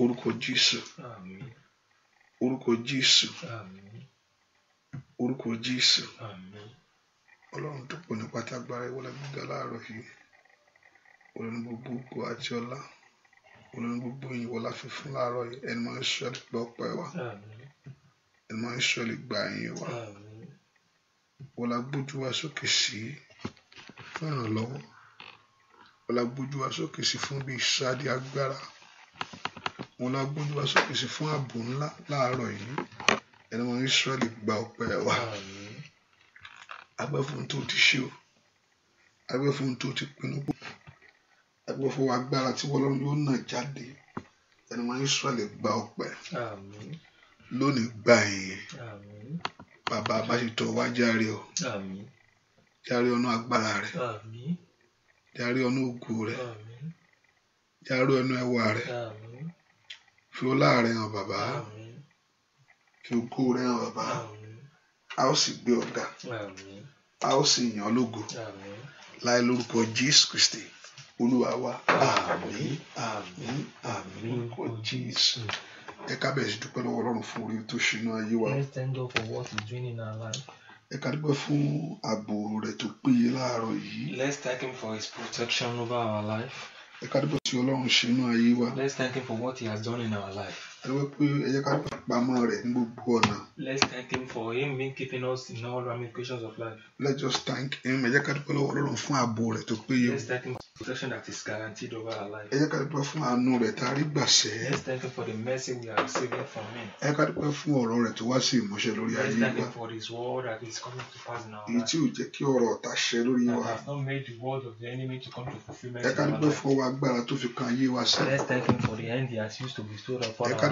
orúkọ jésù orúkọ jésù orúkọ jésù ọlọ́run tó pọ̀ nípa tá a gbára ìwọlé gbígbà láàárọ̀ yìí olórí gbogbo ògo àti ọlá olórí gbogbo ìwọlá fífún láàárọ̀ yìí ẹni máa ń sọ́ọ̀lì gba ọpẹ́ wa ẹni máa ń sọ́ọ̀lì gba ẹ̀yìn wa wọlá gbójú wa sókè sí fún ìrànlọ́wọ́ wọlá gbójú wa sókè sí fún bí ìsádi agbára òun la gbójú wa sókè sí fún ààbò ńlá láàárọ̀ yìí ẹni wọn Ísírẹ́lì gba ọpẹ́ wa agbẹ́fún tó ti ṣe o agbẹ́fún tó ti pinnu pọ̀ agbẹ́fún agbára tí wọ́n yóò nà jáde ẹni wọn Ísírẹ́lì gba ọpẹ́ lónìí gba ẹ̀yẹ bàbá abáṣetọ̀ wá járe o járe ọ̀nà agbára rẹ̀ járe ọ̀nà ògo rẹ̀ járe ọ̀nà ẹwà rẹ̀ fi ọlá rẹ hàn bàbá fi ògo rẹ hàn bàbá a ó sì gbé ọ̀gá a ó sì yàn lógo láì lórúkọ Jésù Kristi olúwa wa àmín àmín àmín lórúkọ Jésù ẹ kábẹ̀sí dúpẹ́ lọ́wọ́ ọlọ́run fún orí tó ṣínú ayé wa. let's thank God for what he's doing in our life. ẹ ká dúpẹ́ fún ààbò rẹ̀ tó péye láàárọ̀ yìí. let's thank him for his protection over our life ẹ ká sí Ọlọ́run ṣe inú ayé wa. let's thank him for what he has done in our life ẹ pé ẹ jẹ́ ká pamọ́ rẹ̀ ní gbogbo ọ̀nà. let's thank him for him being keeping us in all ramifications of life. let's just thank him ẹ ká dúpẹ́ lọ́wọ́ ọlọ́run fún ààbò rẹ̀ tó péye. let's thank him for the protection that is guaranteed over our life. ẹ ká dúpẹ́ fún àánú rẹ̀ tá a rí gbàṣẹ́. let's thank him for the mercy we are receiving from him. ẹ ká dúpẹ́ fún ọ̀rọ̀ rẹ̀ tó wá sí ìmúṣẹ lórí ayé wa. let's thank him for his word that is coming to pass now. èyí tí ò jẹ́ kí ọ̀rọ̀ ọ̀tá ṣẹ lórí wa. that has not made the word of the enemy to come to fulfilment. ẹ jẹ́ ká let's thank him for the end he has used to bestow upon our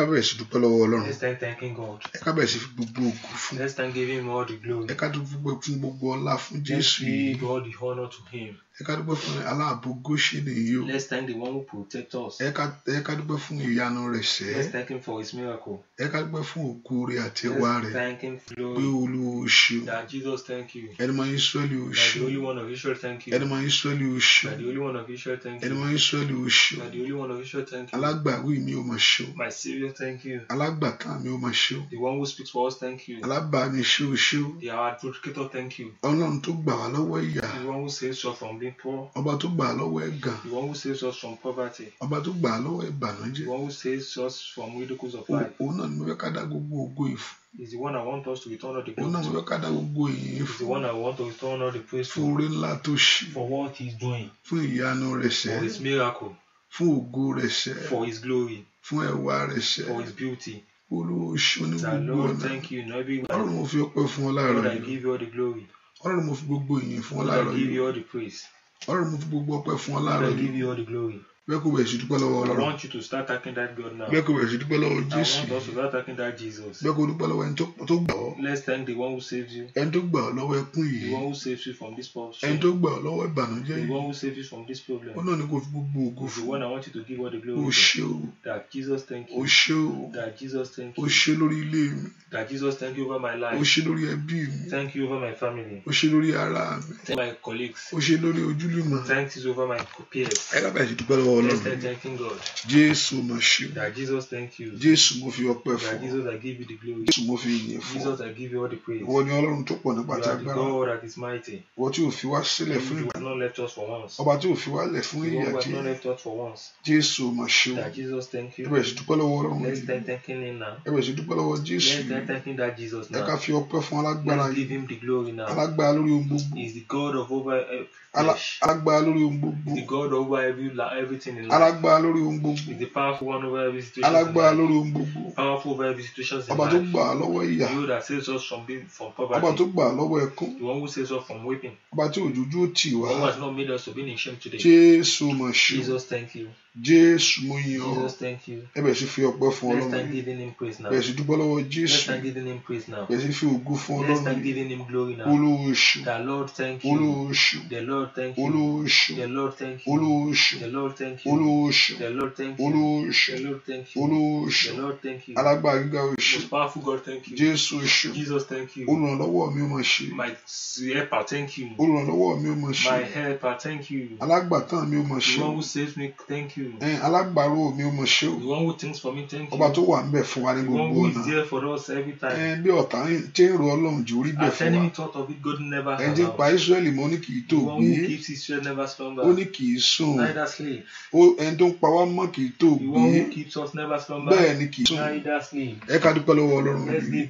ká dúpẹ́ lọ́wọ́ ọlọ́run. let's thank thanking God. ẹ ká bẹ̀rẹ̀ gbogbo ògo fún. let's thank giving him all the glory. ẹ ká dúpẹ́ fún gbogbo ọlá fún jésù let's give all the honour to him ẹ ká dúpẹ́ fún aláàbò Góṣẹ́nì yìí o. let's thank the one who protect us. ẹ ká ẹ ká dúpẹ́ fún ìyanu rẹ̀ sẹ́. let's thank him for his miracle. ẹ ká dúpẹ́ fún òkú rẹ̀ àti ẹwà rẹ̀. let's thank him for glory. pé olúwo o ṣeun. that Jesus thank you. ẹnìmọ̀ Ísírẹ́lì o ṣeun. that the only one of Israel thank you. ẹnìmọ̀ Ísírẹ́lì o ṣeun. that the only one of Israel thank you. ẹnìmọ̀ Ísírẹ́lì o ṣeun. that the only one of Israel thank you. alágbàwí mi o mà ṣe o. my saviour thank you. alágbàtà mi o mà ṣe o. the one who speaks for us thank you. alábàámi ṣe o ṣe o. the advocator thank you. ọlọ́run tó gbà wá lọ́wọ́ ìyà. the one who saves us from being the poor. Ọba tó gbà lọ́wọ́ ẹ̀gàn. The one who saves us from poverty. Ọba tó gbà lọ́wọ́ ìbànújẹ́. The one who saves us from ridicules of life. Òun náà ni mo fẹ́ ká dá gbogbo ògo ìfún. Is the one I want us to return all the praise. Òun náà mo fẹ́ ká dá gbogbo ìyìn fún. Is the one I want to return all the praise for. Fún ńlá tó ṣe. For what he is doing. Fún ìyanu rẹ̀ ṣẹ́. For his miracle. Fún ògo rẹ̀ ṣẹ́. For his glory. Fún ẹwà rẹ̀ ṣẹ́. For his beauty. Olóòṣù ní gbogbo ọ̀nà. Ọlọ́run mo fi ọpẹ́ fún ọ láàárọ̀ yìí. Ọlọ́run mo fi gbogbo ìyìn fún ọ láàárọ̀ yìí. Ọlọ́run mo fi gbogbo ọpẹ́ fún ọ láàárọ̀ Mẹ́kò bẹ̀rẹ̀ lọ́wọ́ Ọlọ́run. I want you to start thanking that God now. Mẹ́kò bẹ̀rẹ̀ lọ́wọ́ Jésù. I want us to start thanking that Jesus. Mẹ́kò lọ́wọ́ ẹni tó gbà ọ́. Let's thank the one who saves you. Ẹni tó gbà ọ́ lọ́wọ́ ẹkún yìí. The one who saves you from this problem. Ẹni tó gbà ọ́ lọ́wọ́ ìbànújẹ́ yìí. The one who saves you from this problem. Ó náà ní kò fi gbogbo ògo fún. The one I want you to give all the glory to. O o. That Jesus thank you. O o. That Jesus thank you. O lórí ilé mi. That Jesus thank you over my life. O lórí ẹbí mi. Thank you over my family. O lórí ara mi. Thank my colleagues. O lórí ojúlùmọ̀. Thanks is over my peers. Ẹ lọ́wọ́ ọlọ́run jésù mo ṣe jésù mo fi ọpẹ́ fún jésù mo fi ìyìn fún ìwọ ni ọlọ́run tó pọ̀ nípa ti agbára ìwọ tí ò fi wá sílẹ̀ fún ìgbà ọba tí ò fi wá lẹ̀ fún ìyà jẹ jésù mo ṣe ẹ bẹ̀rẹ̀ sí dúpẹ́ lọ́wọ́ ọlọ́run ẹ bẹ̀rẹ̀ sí dúpẹ́ lọ́wọ́ jésù ẹ ká fi ọpẹ́ fún alágbára yìí alágbára lórí ohun gbogbo alágbára lórí ohun gbogbo everything lórí ohun gbogbo. is the powerful one over every situation. lórí ohun gbogbo. in life. ọba tó gbà á lọ́wọ́ ìyà. saves us from poverty. ọba tó gbà á lọ́wọ́ ẹkún. the one who saves us from weeping. ọba tí òjòjú tì wá. the one who has not made us to be in shame today. ṣe. jesus thank you jésù mo yìn ọ́ ẹ bẹ̀rẹ̀ sí fi ọpẹ́ fún ọlọ́run bẹ̀rẹ̀ sí dúpẹ́ lọ́wọ́ jésù bẹ̀rẹ̀ sí fi ògo fún ọlọ́run olóòṣù olóòṣù olóòṣù olóòṣù olóòṣù olóòṣù olóòṣù alágbára gíga oṣù jésù oṣù olùrànlọ́wọ́ mi ò mọ̀ ṣe olùrànlọ́wọ́ mi ò mọ̀ ṣe alágbàtàn mi ò mọ̀ ṣe you. alágbàrú mi ó mo ṣe o. the one who thinks for me thank you. ọba tó wà ń fún wa ní gbogbo ọ̀nà. the one who is there for us every time. bí ọ̀tá tí ń ro ọlọ́run jù rí bẹ̀ fún wa. thought of it God never had. ẹ jẹ́ pa Israẹli mọ́ ní kì í tòògbé. the one who keeps Israel never slumber. ó ní kì í sùn. neither sleep. ó ẹni tó ń pa wá mọ́ kì í tòògbé. the one who keeps us never slumber. bẹ́ẹ̀ ni kì í sùn. neither sleep. ẹ ká dúpẹ́ lọ́wọ́ ọlọ́run mi.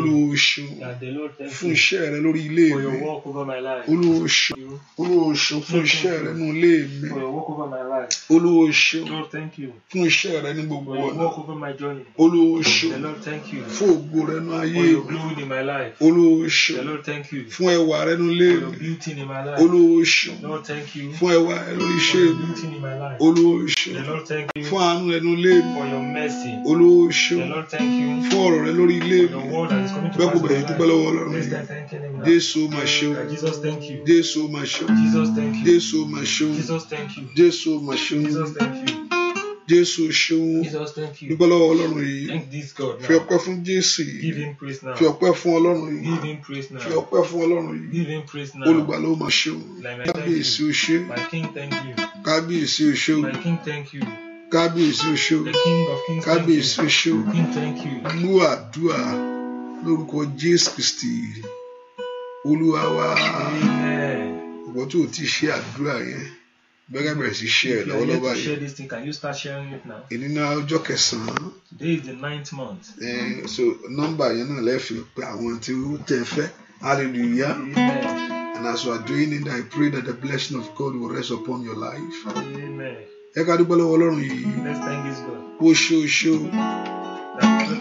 olóòṣù fún iṣẹ́ rẹ lórí ilé mi. olóòṣù fún iṣẹ́ rẹ nú ilé mi olúwo ṣeun fún iṣẹ́ rẹ ní gbogbo ọ̀nà olúwo ṣeun fún ògo rẹ nú ayé olúwo ṣeun fún ẹwà rẹ nú ilé mi olúwo ṣeun fún ẹwà rẹ nú iṣẹ́ mi olúwo ṣeun fún àánú rẹ nú ilé mi olúwo ṣeun fún ọ̀rọ̀ rẹ lórí ilé mi bẹ́ẹ̀ kò bẹ̀rẹ̀ dúpẹ́ lọ́wọ́ ọlọ́run jésù máa ṣeun jésù máa ṣeun jésù máa ṣeun jésù máa ṣeun. Jesus thank you. ṣeun. Jesus thank Dúpẹ́ lọ́wọ́ Ọlọ́run yìí. Thank this God Fi ọpẹ́ fún Jésù yìí. Give him praise now. Fi ọpẹ́ fún Ọlọ́run yìí. Give him praise now. Fi ọpẹ́ fún Ọlọ́run yìí. Give him praise now. Olùgbà ló máa ṣeun. Kábíyèsí o ṣe. My king thank you. Kábíyèsí o ṣe. My king thank you. Kábíyèsí o ṣe. king thank you. Kábíyèsí o ṣe. King thank you. Mú àdúrà lórúkọ Jésù Kristì. Olúwa wa. Ìwọ tó ti ṣe àdúrà yẹn bẹ́ẹ̀ bẹ̀rẹ̀ sí share lọ́wọ́lọ́wọ́ báyìí. share this thing can you start sharing it now. èyí ní ọjọ́ kẹsàn-án. today is the ninth month. so nọ́mbà yẹn náà lẹ́ẹ̀fi pé àwọn tí ó tẹ̀ fẹ́ hallelujah. Amen. And as you are doing it, I pray that the blessing of God will rest upon your life. Amen. Ẹ ká dúpẹ́ lọ́wọ́ Ọlọ́run yìí. Let's thank God. Ó ṣe ó ṣe ó.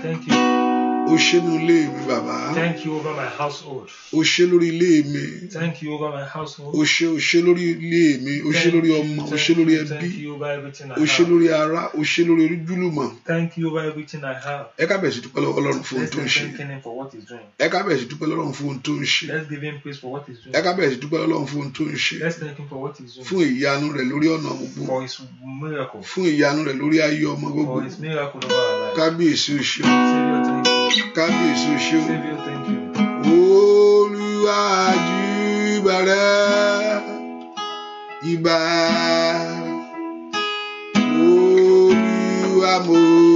Thank you. O ṣe ní ilé mi bàbá. Thank you over my household. O ṣe lórí ilé mi. Thank you over my household. O ṣe o ṣe lórí ilé mi. O ṣe lórí ọmọ. O ṣe lórí ẹbí. Thank you over everything I have. O ṣe lórí ara. O ṣe lórí ojúlùmọ̀. Thank you over everything I have. Ẹ kábẹ̀ sí dúpẹ́ lọ́wọ́ Ọlọ́run fún ohun tó ń ṣe. Ẹ kábẹ̀ sí dúpẹ́ lọ́wọ́ Ọlọ́run fún ohun tó ń ṣe. Let's give him praise for what he's doing. Ẹ kábẹ̀ sí dúpẹ́ lọ́wọ́ fún ohun tó ń ṣe. Let's thank him for what he's doing. Fún ìyanu rẹ̀ lórí ọ̀nà gbogbo. For his miracle. Fún ìyanu rẹ̀ lórí ayé ọmọ gbogbo. For his miracle over our life. Kábíyèsí òṣèlú kábíyèsí o ṣé o olúwa júbà rẹ ìbà olúwa mo.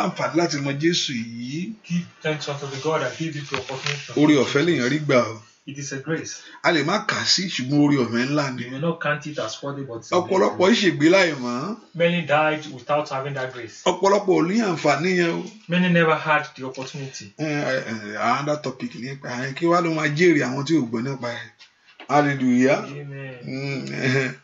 wá àǹfààní láti mọ Jésù yìí. Give thanks unto the God and give you the opportunity. Oore ọ̀fẹ́ lèèyàn rí gbà o. It is a grace. A lè má kà sí ṣùgbọ́n oore ọ̀fẹ́ ńlá ni. You may not count it as worthy but Ọ̀pọ̀lọpọ̀ ìṣègbè láì mọ̀. Many died without having that grace. Ọ̀pọ̀lọpọ̀ ò ní àǹfààní yẹn o. Many never had the opportunity. Another topic ni kí wàá ló máa jèrè àwọn tí ò gbọ́ nípa ẹ̀. Hallelujah. Amen.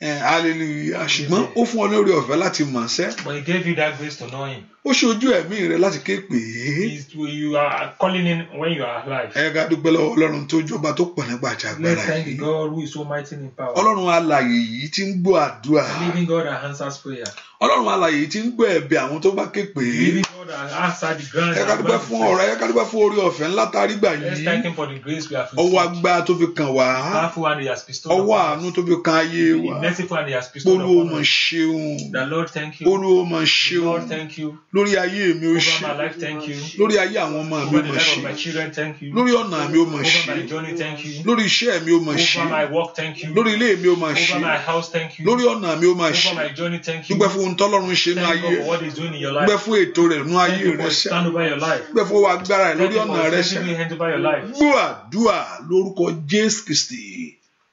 hallelujah ṣùgbọ́n ó fún ọ lórí ọ̀fẹ́ láti mọ̀ sẹ́. but he gave you that grace to know him ó ṣojú ẹ̀mí rẹ láti ké pè é. you are calling in when you are alive. ẹ ká dúpẹ́ lọ́wọ́ ọlọ́run tó jọba tó pọ̀ nígbà àti agbára yìí. let's thank God who is so mighty in power. ọlọ́run alààyè yìí ti ń gbọ́ àdúrà. living God that answers prayer. ọlọ́run alààyè yìí ti ń gbọ́ ẹ̀bẹ̀ àwọn tó bá ké pè é. living God that answers the grand. ẹ ká dúpẹ́ fún ọ̀rọ̀ ẹ ká dúpẹ́ fún orí ọ̀fẹ́ ńlá tarí gbà yìí. let's thank him for the grace we have received. ọwọ́ agbá tó fi kàn wá. powerful hand he the Lord thank you. the Lord thank you lórí ayé mi ó ṣe lórí ayé àwọn ọmọ mi ó mọ̀ ṣe lórí ọ̀nà mi ó mọ̀ ṣe lórí iṣẹ́ mi ó mọ̀ ṣe lórí ilé mi ó mọ̀ ṣe lórí ọ̀nà mi ó mọ̀ ṣe dúpẹ́ fún ohun tọ́lọ́run ṣe nú ayé dúpẹ́ fún ètò rẹ̀ nú ayé rẹ̀ sẹ́ dúpẹ́ fún agbára rẹ̀ lórí ọ̀nà rẹ̀ sẹ́ gbọ́ àdúrà lórúkọ Jésù Kristi.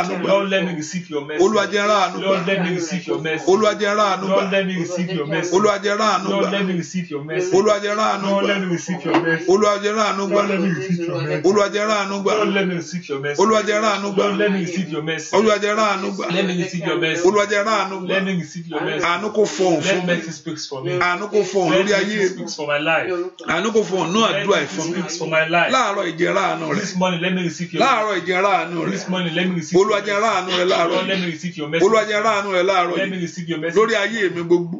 àánú gbà. Lord let me receive your mercy. Olúwa jẹ́ ra àánú gbà. Lord let me receive your mercy. Olúwa jẹ́ ra àánú gbà. Lord let me receive your mercy. Olúwa jẹ́ ra àánú gbà. Lord let me receive your mercy. Olúwa jẹ́ ra àánú gbà. Lord let me receive your mercy. Olúwa jẹ́ ra àánú gbà. Lord let me receive your mercy. Olúwa jẹ́ ra àánú gbà. Lord let me receive your mercy. Olúwa jẹ́ ra àánú gbà. Lord let me receive your mercy. Olúwa jẹ́ ra àánú gbà. Let me receive your mercy. Olúwa jẹ́ ra àánú gbà. Let me receive your mercy. Àánú kò fọhùn fún mi. Let mercy speak for me. Àánú kò fọhùn lórí ayé. Let mercy speak for my life. Àánú kò fọhùn náà àdúrà ìfọ̀n mi. Láàárọ̀ ìjẹ́ra àánú rẹ̀. This morning let me receive your mercy. Láàárọ̀ ìjẹ́ra àánú rẹ̀. This morning let me receive your mercy. Olúwa jẹ́ n rí àánú rẹ láàárọ̀ yìí Olúwa jẹ́ n rí àánú rẹ láàárọ̀ yìí lórí ayé mi gbogbo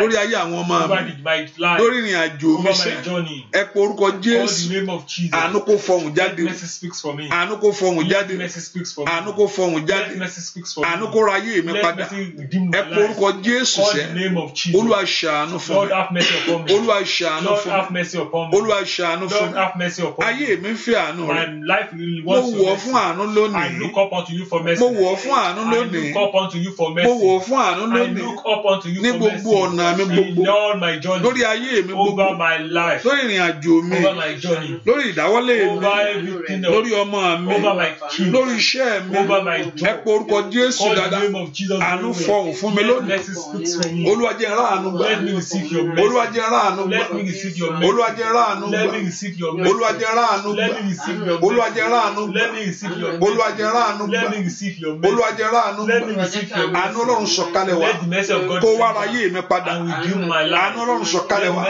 lórí ayé àwọn ọmọ mi lórí ìrìn àjò mi ẹ pe orúkọ Jésù àánú kó fọhùn jáde àánú kó fọhùn jáde àánú kó fọhùn jáde àánú kó ra ayé mi padà ẹ pe orúkọ Jésù sẹ Olúwa ṣàánú fún mi Olúwa ṣàánú fún mi Olúwa ṣàánú fún mi ayé mi ń fẹ́ àánú rẹ mo wọ̀ fún àánú lónìí unto you for mercy. mo wò ó fún àánú lónìí. I look up unto you for mercy. mo wò ó fún àánú lónìí. I look up unto you for mercy. ní gbogbo ọ̀nà mi gbogbo. in all my journey. lórí ayé mi gbogbo. over my life. lórí ìrìn àjò mi. over my journey. lórí ìdáwọ́lé mi. over everything else. lórí ọmọ mi. over my children. lórí iṣẹ́ mi. over my job. ẹ pe orúkọ Jésù dáadáa. àánú fọhùn fún mi lónìí. Olúwa jẹ́ n rí àánú gbà. Olúwa jẹ́ n rí àánú gbà. Olúwa jẹ́ n rí àánú gbà. Olúwa jẹ́ n rí àánú gbà. Olúwa jẹ́ n rí àánú gbà. Olúwa jẹ́ n rí àánú àánú gbà Olúwa jẹ́ ráàánú gbà àánú Ọlọ́run sọ̀kalẹ̀ wá kó wá ra ayé mi padà àánú Ọlọ́run sọ̀kalẹ̀ wá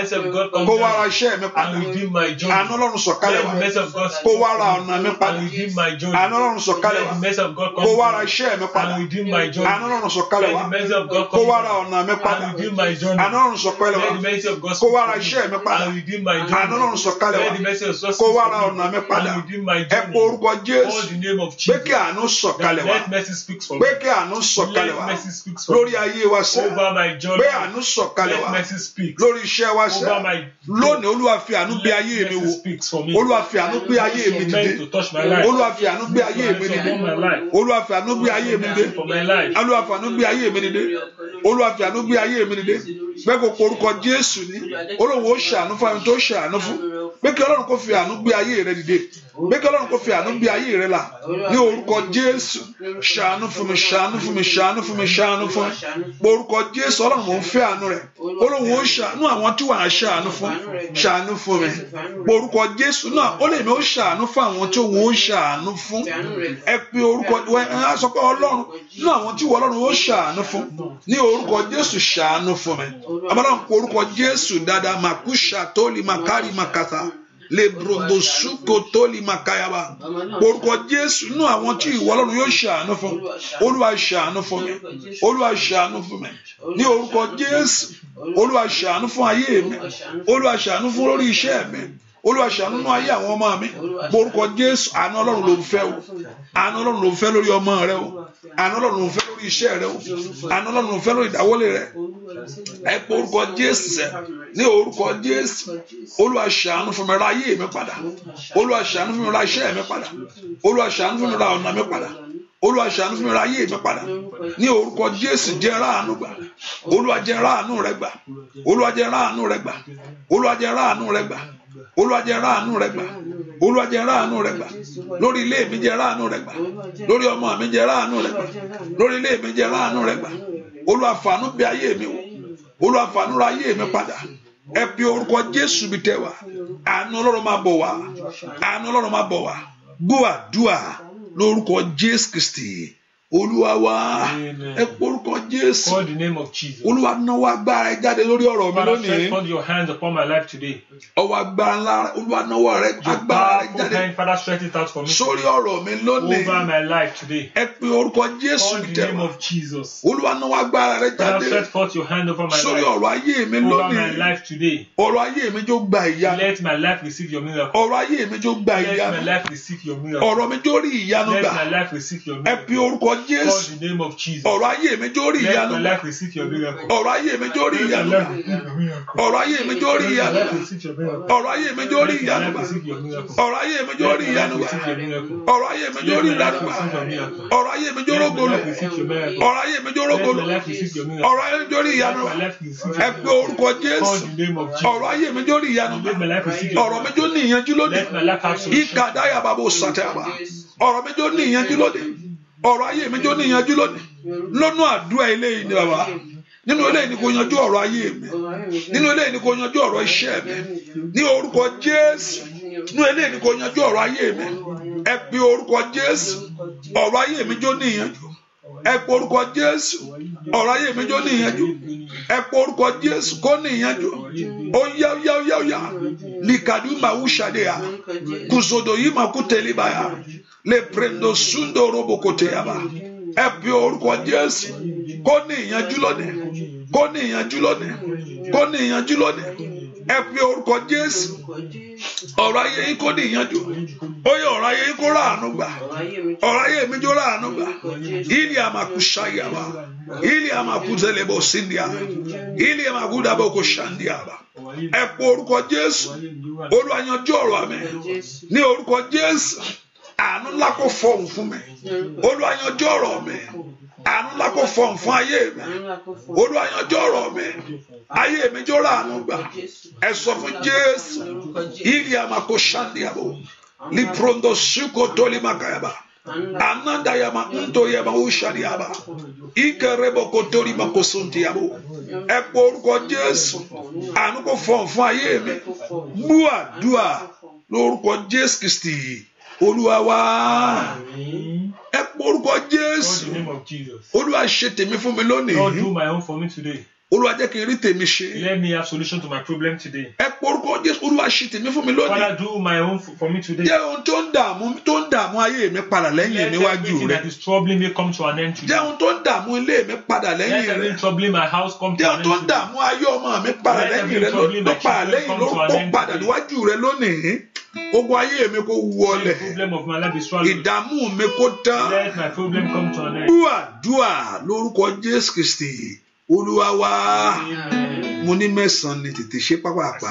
kó wá ra iṣẹ́ mi padà àánú Ọlọ́run sọ̀kalẹ̀ wá kó wá ra ọ̀nà mi padà àánú Ọlọ́run sọ̀kalẹ̀ wá kó wá ra iṣẹ́ mi padà àánú Ọlọ́run sọ̀kalẹ̀ wá kó wá ra ọ̀nà mi padà àánú Ọlọ́run sọ̀kalẹ̀ wá kó wá ra iṣẹ́ mi padà àánú Ọlọ́run sọ̀kalẹ̀ wá kó wá ra ọ̀nà mi padà ẹ pọ orúkọ Jésù pé kí àánú àánú sọ̀kalẹ̀ wá pé kí àánú sọ̀kalẹ̀ wá lórí ayé wa sẹ́ pé àánú sọ̀kalẹ̀ wá lórí iṣẹ́ wa sẹ́ lónìí olúwa fi àánú gbé ayé mi wò olúwa fi àánú gbé ayé mi dìde olúwa fi àánú gbé ayé mi dìde olúwa fi àánú gbé ayé mi dìde olúwa fi àánú gbé ayé mi dìde olúwa fi àánú gbé ayé mi dìde pé kò korúkọ Jésù ní olówó ṣàánú fún àwọn tó ṣàánú fún pé kí Ọlọ́run kò fi àánú gbé ayé rẹ dìde bí kọ́lọ́run kò fi àánú bí ayé rẹ là ní orúkọ jésù ṣàánú fún mi ṣàánú fún mi ṣàánú fún mi ṣàánú fún mi orúkọ jésù ọlọ́run mò ń fẹ́ àánú rẹ olóhùn ó ṣàánú àwọn tí wàá ṣàánú fún ṣàánú fún mi orúkọ jésù náà ó lè mi ó ṣàánú fún àwọn tí òun ó ṣàánú fún ẹ pé orúkọ ẹ á sọ pé ọlọ́run nínú àwọn tí wọ́n ọlọ́run ó ṣàánú fún ní orúkọ jésù ṣàánú fún mi abala ń kó orúkọ jésù dáadáa màkúṣà tó màkárì màkàtà lè brondo suko tó lè máa káyàbá orúkọ jésù nínú àwọn tí ìwọ ọlọ́run yóò ṣàánú fún olúwa ṣàánú fún mi olúwa ṣàánú fún mi ní orúkọ jésù olúwa ṣàánú fún ayé mi olúwa ṣàánú fun lórí iṣẹ́ mi olúwa ṣàánú nínú ayé àwọn ọmọ mi borúkọ jésù àánú ọlọ́run ló ń fẹ́ o àánú ọlọ́run ló ń fẹ́ lórí ọmọ rẹ o àánú ọlọ́run ló ń fẹ́ lórí iṣẹ́ rẹ o àánú ọlọ́run ló ń fẹ́ lórí ìdáwọ́lé rẹ ẹ pé orúkọ jésù sẹ ní orúkọ jésù olúwa ṣàánú fún mi ra ayé mi padà olúwa ṣàánú fún mi ra iṣẹ́ mi padà olúwa ṣàánú fún mi ra ọ̀nà mi padà olúwa ṣàánú fún mi ráyè mi padà ní orúkọ jésù jẹ́ ráàánú gbà olúwa jẹ́ ráàánú rẹ gbà olúwa jẹ́ ráàánú rẹ gbà olúwa jẹ́ ráàánú rẹ gbà Olúwa jẹ́ ráàánú rẹ gbà Olúwa jẹ́ ráàánú rẹ gbà lórí ilé mi jẹ́ ráàánú rẹ gbà lórí ọmọ mi jẹ́ ráàánú rẹ gbà lórí ilé mi jẹ́ ráàánú rẹ gbà Olúwa fàánú bí ayé mi wò Olúwa fàánú ra ayé mi padà ẹ pe orúkọ Jésù bí tẹ wá àánú Ọlọ́run máa bọ̀ wá àánú Ọlọ́run máa bọ̀ wá gbọ́ àdúà lórúkọ Jésù Kristi olúwa wa ẹ porúkọ jésù olúwa náwó agbára ẹ jáde lórí ọ̀rọ̀ mi lónìí ọwọ́ agbára ńlá olúwa náwó rẹ agbára rẹ jáde sórí ọ̀rọ̀ mi lónìí ẹ pe orúkọ jésù tẹ̀wá olúwa náwó agbára rẹ jáde sórí ọ̀rọ̀ ayé mi lónìí ọ̀rọ̀ ayé mi jó gba ìyanu ọ̀rọ̀ ayé mi jó gba ìyanu ọ̀rọ̀ mi jó rí ìyanu gbà ẹ pe orúkọ the name of Jésù ọ̀rọ̀ ayé mi jó rí ìyanu ọ̀rọ̀ ayé mi jó rí ìyanu ọ̀rọ̀ ayé mi jó rí ìyanu ọ̀rọ̀ ayé mi jó rí ìyanu ọ̀rọ̀ ayé mi jó rí ìyanu ọ̀rọ̀ ayé mi jó rí ìyanu ọ̀rọ̀ ayé mi jó rógolo ọ̀rọ̀ ayé mi jó rógolo ọ̀rọ̀ ayé mi jó rí ìyanu ẹ pé orúkọ Jésù ọ̀rọ̀ ayé mi jó rí ìyanu ọ̀rọ̀ mi jó ní ìyanjú lónìí ìkàdáyà bàbá òsàtẹ̀ àbá ọ̀rọ̀ mi jó ní ìyanjú lónìí ọ̀rọ̀ ayé mi jọ ní ìyanjú lónìí lónú àdúrà eléyìí ni bàbá nínú eléyìí ni kò yanjú ọ̀rọ̀ ayé mi nínú eléyìí ni kò yanjú ọ̀rọ̀ iṣẹ́ mi ní orúkọ Jésù nínú eléyìí ni kò yanjú ọ̀rọ̀ ayé mi ẹ orúkọ Jésù ọ̀rọ̀ ayé mi jọ ní ìyanjú ẹ orúkọ Jésù ọ̀rọ̀ ayé mi jọ ní ìyanjú ẹ orúkọ Jésù kó ní ìyanjú ó yá yá yá yá likadimba ushadea kuzodoyima kutelibaya leprendo sundo robokoteyaba ẹ pe orúkọ Jésù kó ní ìyanjú lónìí kó ní ìyanjú lónìí kó ní ìyanjú lónìí ẹ pe orúkọ Jésù ọ̀rọ̀ ayé yín kó ní ìyanjú ó yẹ ọ̀rọ̀ ayé yín kó ráàánú gbà ọ̀rọ̀ ayé mi jó ráàánú gbà ilé àmàkùsáyàwá ilé àmàkùsẹlẹbọ síndìyà ilé àmàkùdàbọ kò ṣàǹdìyàwá. ẹ pọ orúkọ jésù olùwàyànjú ọ̀rọ̀ àmì ní orukọ jésù àánú ńlá kò fọhùn fún mi olùwàyànjú ọ̀rọ̀ mi àánú ńlá kò fọhùn fún ayé mi olùwàyànjú ọ̀rọ̀ mi ayé mi jọrọ àánú gbà ẹ sọ fún jésù liprondo toli ananda yama nto yama usari yaba ikerebo kotori makosunti yabo ẹ pọ orúkọ Jésù àánú kò fọhùn fún ayé mi bú àdúà lórúkọ Jésù Kristi Olúwa wa ẹ pọ orúkọ Jésù Olúwa ṣe tèmi fún mi lónìí olúwa jẹ́ kí n rí tèmi ṣe. let me have solution to my problem today. ẹ porúkọ jésù olúwa ṣe tèmi fún mi lónìí. father do my own for me today. jẹ́ ohun tó ń dààmú tó ń dààmú ayé mi padà lẹ́yìn mi wájú rẹ. let everything that is troubling me come to an end today. jẹ́ ohun tó ń dààmú ilé mi padà lẹ́yìn rẹ. let everything troubling my house come to an end today. jẹ́ ohun tó ń dààmú ayé ọmọ mi padà lẹ́yìn rẹ ló padà lẹ́yìn ló padà níwájú rẹ lónìí ogun ayé mi kó wọlẹ̀ ìdààmú mi kó tán dúà dúà lórúkọ jésù kristi olúwa wá mo ní mẹ́sàn-án ni tètè ṣe pápápá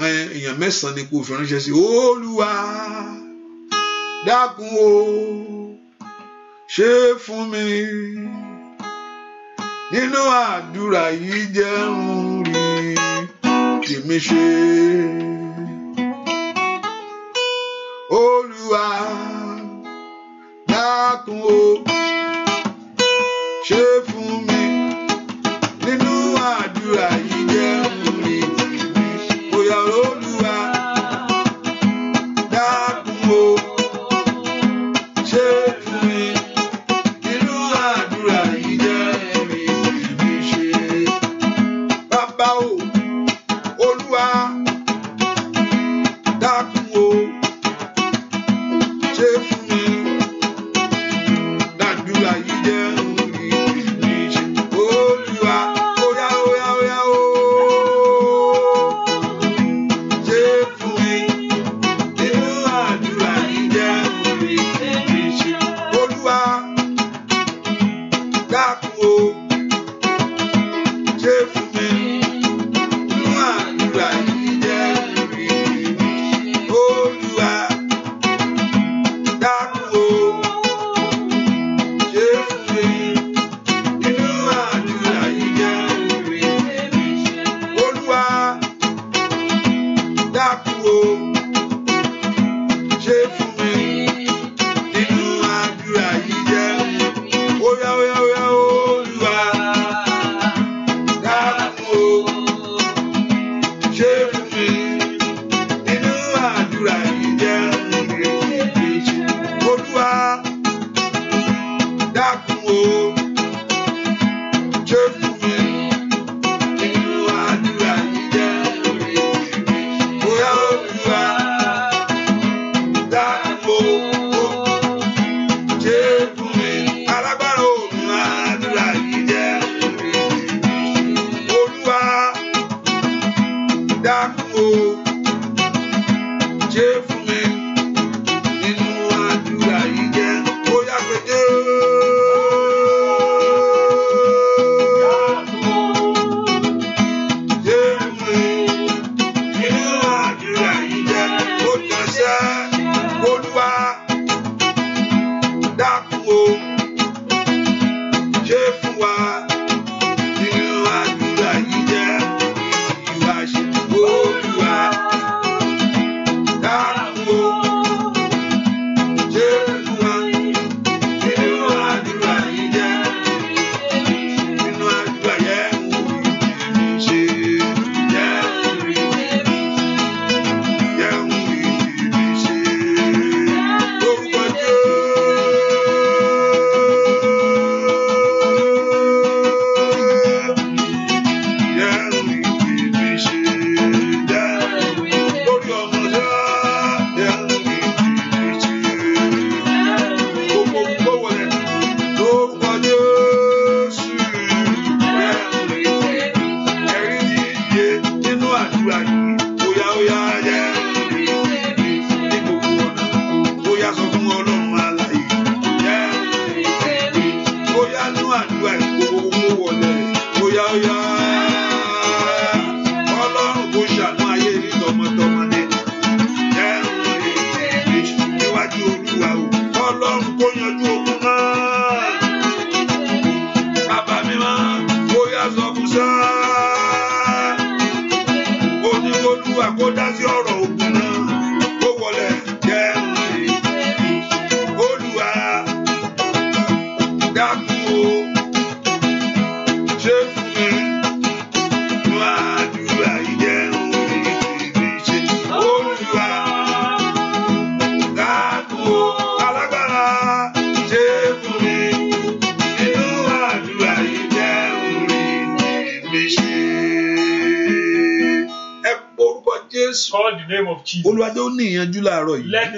èèyàn mẹ́sàn-án ni kò fi ránṣẹ́ sí olúwa dákun o ṣe fún mi nínú àdúrà yìí jẹun rí tèmi ṣe olúwa dákun o ṣe fún mi.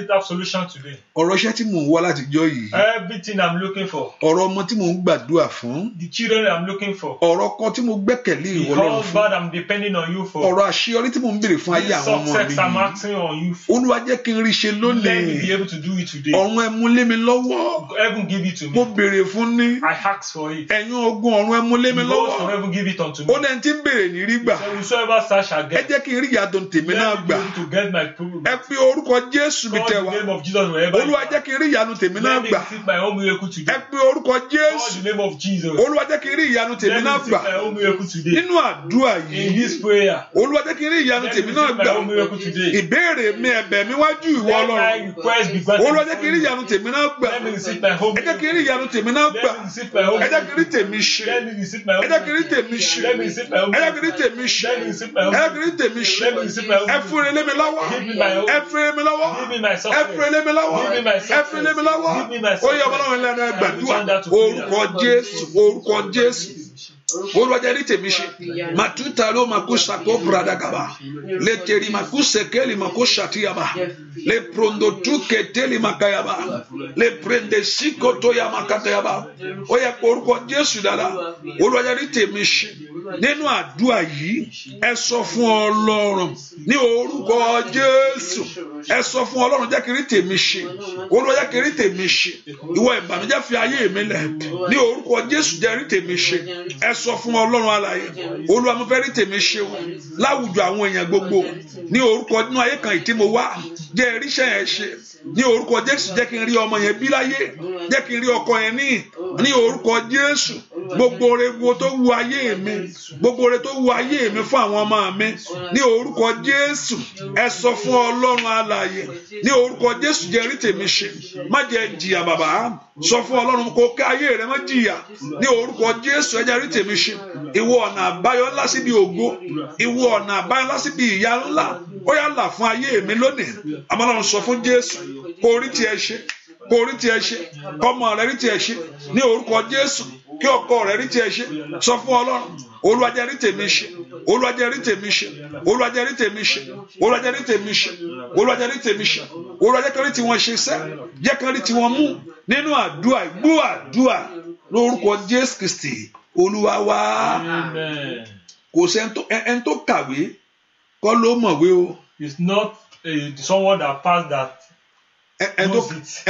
is that solution today? Ọ̀rọ̀ iṣẹ́ tí mò ń wá látijọ́ yìí. Everything I'm looking for. Ọ̀rọ̀ ọmọ tí mò ń gbàdúrà fún. The children I'm looking for. Ọ̀rọ̀ ọkọ tí mo gbẹ́kẹ̀lé ìwọ lọ́rùn fún. The husband I'm depending on you for. Ọ̀rọ̀ àṣeyọrí tí mò ń béèrè fún ayé àwọn ọmọ mi. The success I'm asking on you for. Olúwa jẹ́ kí n rí ṣe lónìí. Let me be able to do it today. Ọ̀run ẹ mú lé mi lọ́wọ́. Heaven give it to me. Mo béèrè fún ní. I ask for it. Ẹ̀yin ogun ọ̀run ẹ mú lé mi lọ́wọ́. God from heaven give it unto me. Ó dẹ́n tí ń béèrè ní rí gbà. Whosoever shall get. Ẹ jẹ́ kí be able to get my problem. Ẹ fi orúkọ Jésù iṣẹ́ wa olúwa jẹ́ kí n rí ìyanu tèmi náà gbà ẹ pé orúkọ jésù olúwa jẹ́ kí n rí ìyanu tèmi náà gbà nínú àdúrà yìí olúwa jẹ́ kí rí ìyanu tèmi náà gbà ìbéèrè mi ẹ̀bẹ̀ mi wájú ìwọ ọlọ́run olúwa jẹ́ kí rí ìyanu tèmi náà gbà ẹ jẹ́ kí rí ìyanu tèmi náà gbà ẹ jẹ́ kí rí tèmi ṣe ẹ jẹ́ kí rí tèmi ṣe ẹ jẹ́ kí rí tèmi ṣe ẹ jẹ́ kí rí tèmi ṣe ẹ fún mi mi lọ́wọ́ ẹ fún mi lọ́wọ́ myself. ẹ̀fúrẹ́ lé mi lọ́wọ́ ẹ̀fúrẹ́ lé mi lọ́wọ́ ó yẹ ọmọlọ́wọ́ lẹ́nu ẹgbàdúrà orúkọ Jésù orúkọ Jésù olùwàjà ní tèmi ṣe màtúntà ló ma kó sako pradagaba lè tèrè ma kó sekeli ma kó satiyaba lè prondotu keteli ma kayaba lè prendesi kotoya ma katayaba ó yẹ kó orúkọ Jésù dada olùwàjà ní tèmi ṣe nínú àdúrà yìí ẹ sọ fún ọlọ́run ní orúkọ jésù ẹ sọ fún ọlọ́run jẹ́ kí n rí tèmi ṣe olúwa jẹ́ kí n rí tèmi ṣe ìwọ ìbànújẹ́ fi ayé mi lẹ̀ ní orúkọ jésù jẹ́ rí tèmi ṣe ẹ sọ fún ọlọ́run alààyè olúwa mo fẹ́ rí tèmi ṣe o láwùjọ àwọn èèyàn gbogbo ní orúkọ inú ayé kan ìtí mo wá jẹ́ iríṣẹ́ yẹn ṣe ní orúkọ jésù jẹ́ kí n rí ọmọ yẹn bí láyé jẹ́ kí n rí ọkọ yẹn ní ní orúkọ jésù gbogbo oore wo tó wu ayé mi gbogbo oore tó wu ayé mi fún àwọn ọmọ mi ní orúkọ Jésù ẹ sọ fún Ọlọ́run alààyè ní orúkọ Jésù jẹ́ rí tèmi ṣe má jẹ́ jìyà bàbá sọ fún Ọlọ́run kó ká ayé rẹ má jìyà ní orúkọ Jésù ẹ jẹ́ rí tèmi ṣe ìwọ ọ̀nà àbáyọ ńlá síbi ògo ìwọ ọ̀nà àbáyọ ńlá síbi ìyà ńlá ó yà là fún ayé mi lónìí àmọ́ sọ fún Jésù kó orí tiẹ̀ ṣe kó orí tiẹ̀ ṣe kọ́mọ rẹ rí tiẹ̀ ṣe ní orúkọ Jésù kí ọkọ rẹ rí tiẹ̀ ṣe sọ fún Ọlọ́run Olúwa jẹ́ rí tèmi ṣe Olúwa jẹ́ rí tèmi ṣe Olúwa jẹ́ rí tèmi ṣe Olúwa jẹ́ rí tèmi ṣe Olúwa jẹ́ rí tèmi ṣe Olúwa jẹ́ kan rí tiwọn ṣe sẹ jẹ́ kan rí tiwọn mú nínú àdúrà gbọ́ àdúrà lórúkọ Jésù Kristi Olúwa wa kò sí ẹni tó kàwé kọ́ ló mọ̀wé o. it's not uh, someone that pass that ẹn tó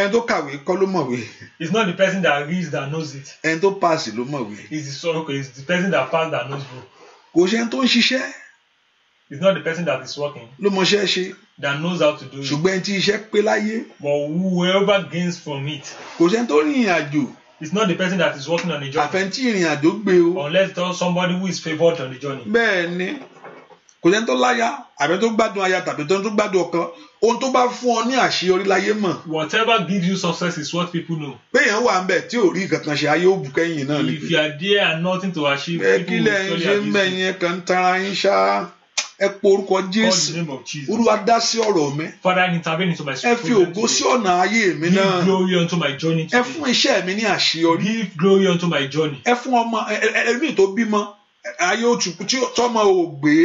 ẹn tó kàwé kọ́ ló mọ̀wé. it's not the person that reads that knows it. ẹn pass ló mọ̀wé. it's the so it's the person that pass that knows bro. kò ṣe ẹn tó ń ṣiṣẹ́. it's not the person that is working. ló mọṣẹ́ ṣe. that knows how to do it. ṣùgbọ́n ẹni tí iṣẹ́ pé láyé. but whoever gains from it. kò ṣe ẹn tó rìnrìn àjò. It's not the person that is working on the journey. Àfẹ́ntì ìrìn àjò gbé o. Unless it's somebody who is favoured on the journey. Bẹ́ẹ̀ni kò sẹ́ni tó láya àbẹ tó gbádùn aya tàbí tó ń tó gbádùn ọkàn ohun tó bá fún ọ ní àṣeyọrí láyé mọ̀. whatever gives you success is what people know. péyàn wà ń bẹ tí ò rí kankan ṣe ayé òbú kẹ́yìn náà. if you are there and nothing to achieve. ẹ kí lẹ́yìn ṣe ń mẹ́yìn kan tara yín ṣá ẹ po orúkọ jésù olúwa dá sí ọ̀rọ̀ mi. father intervene into my story. ẹ fi ògo sí ọ̀nà ayé mi náà. give glory unto my journey ẹ fún iṣẹ́ mi ní àṣeyọrí. give glory unto my journey. ẹ fún tó bímọ ayé òtún tí ọmọ ò gbé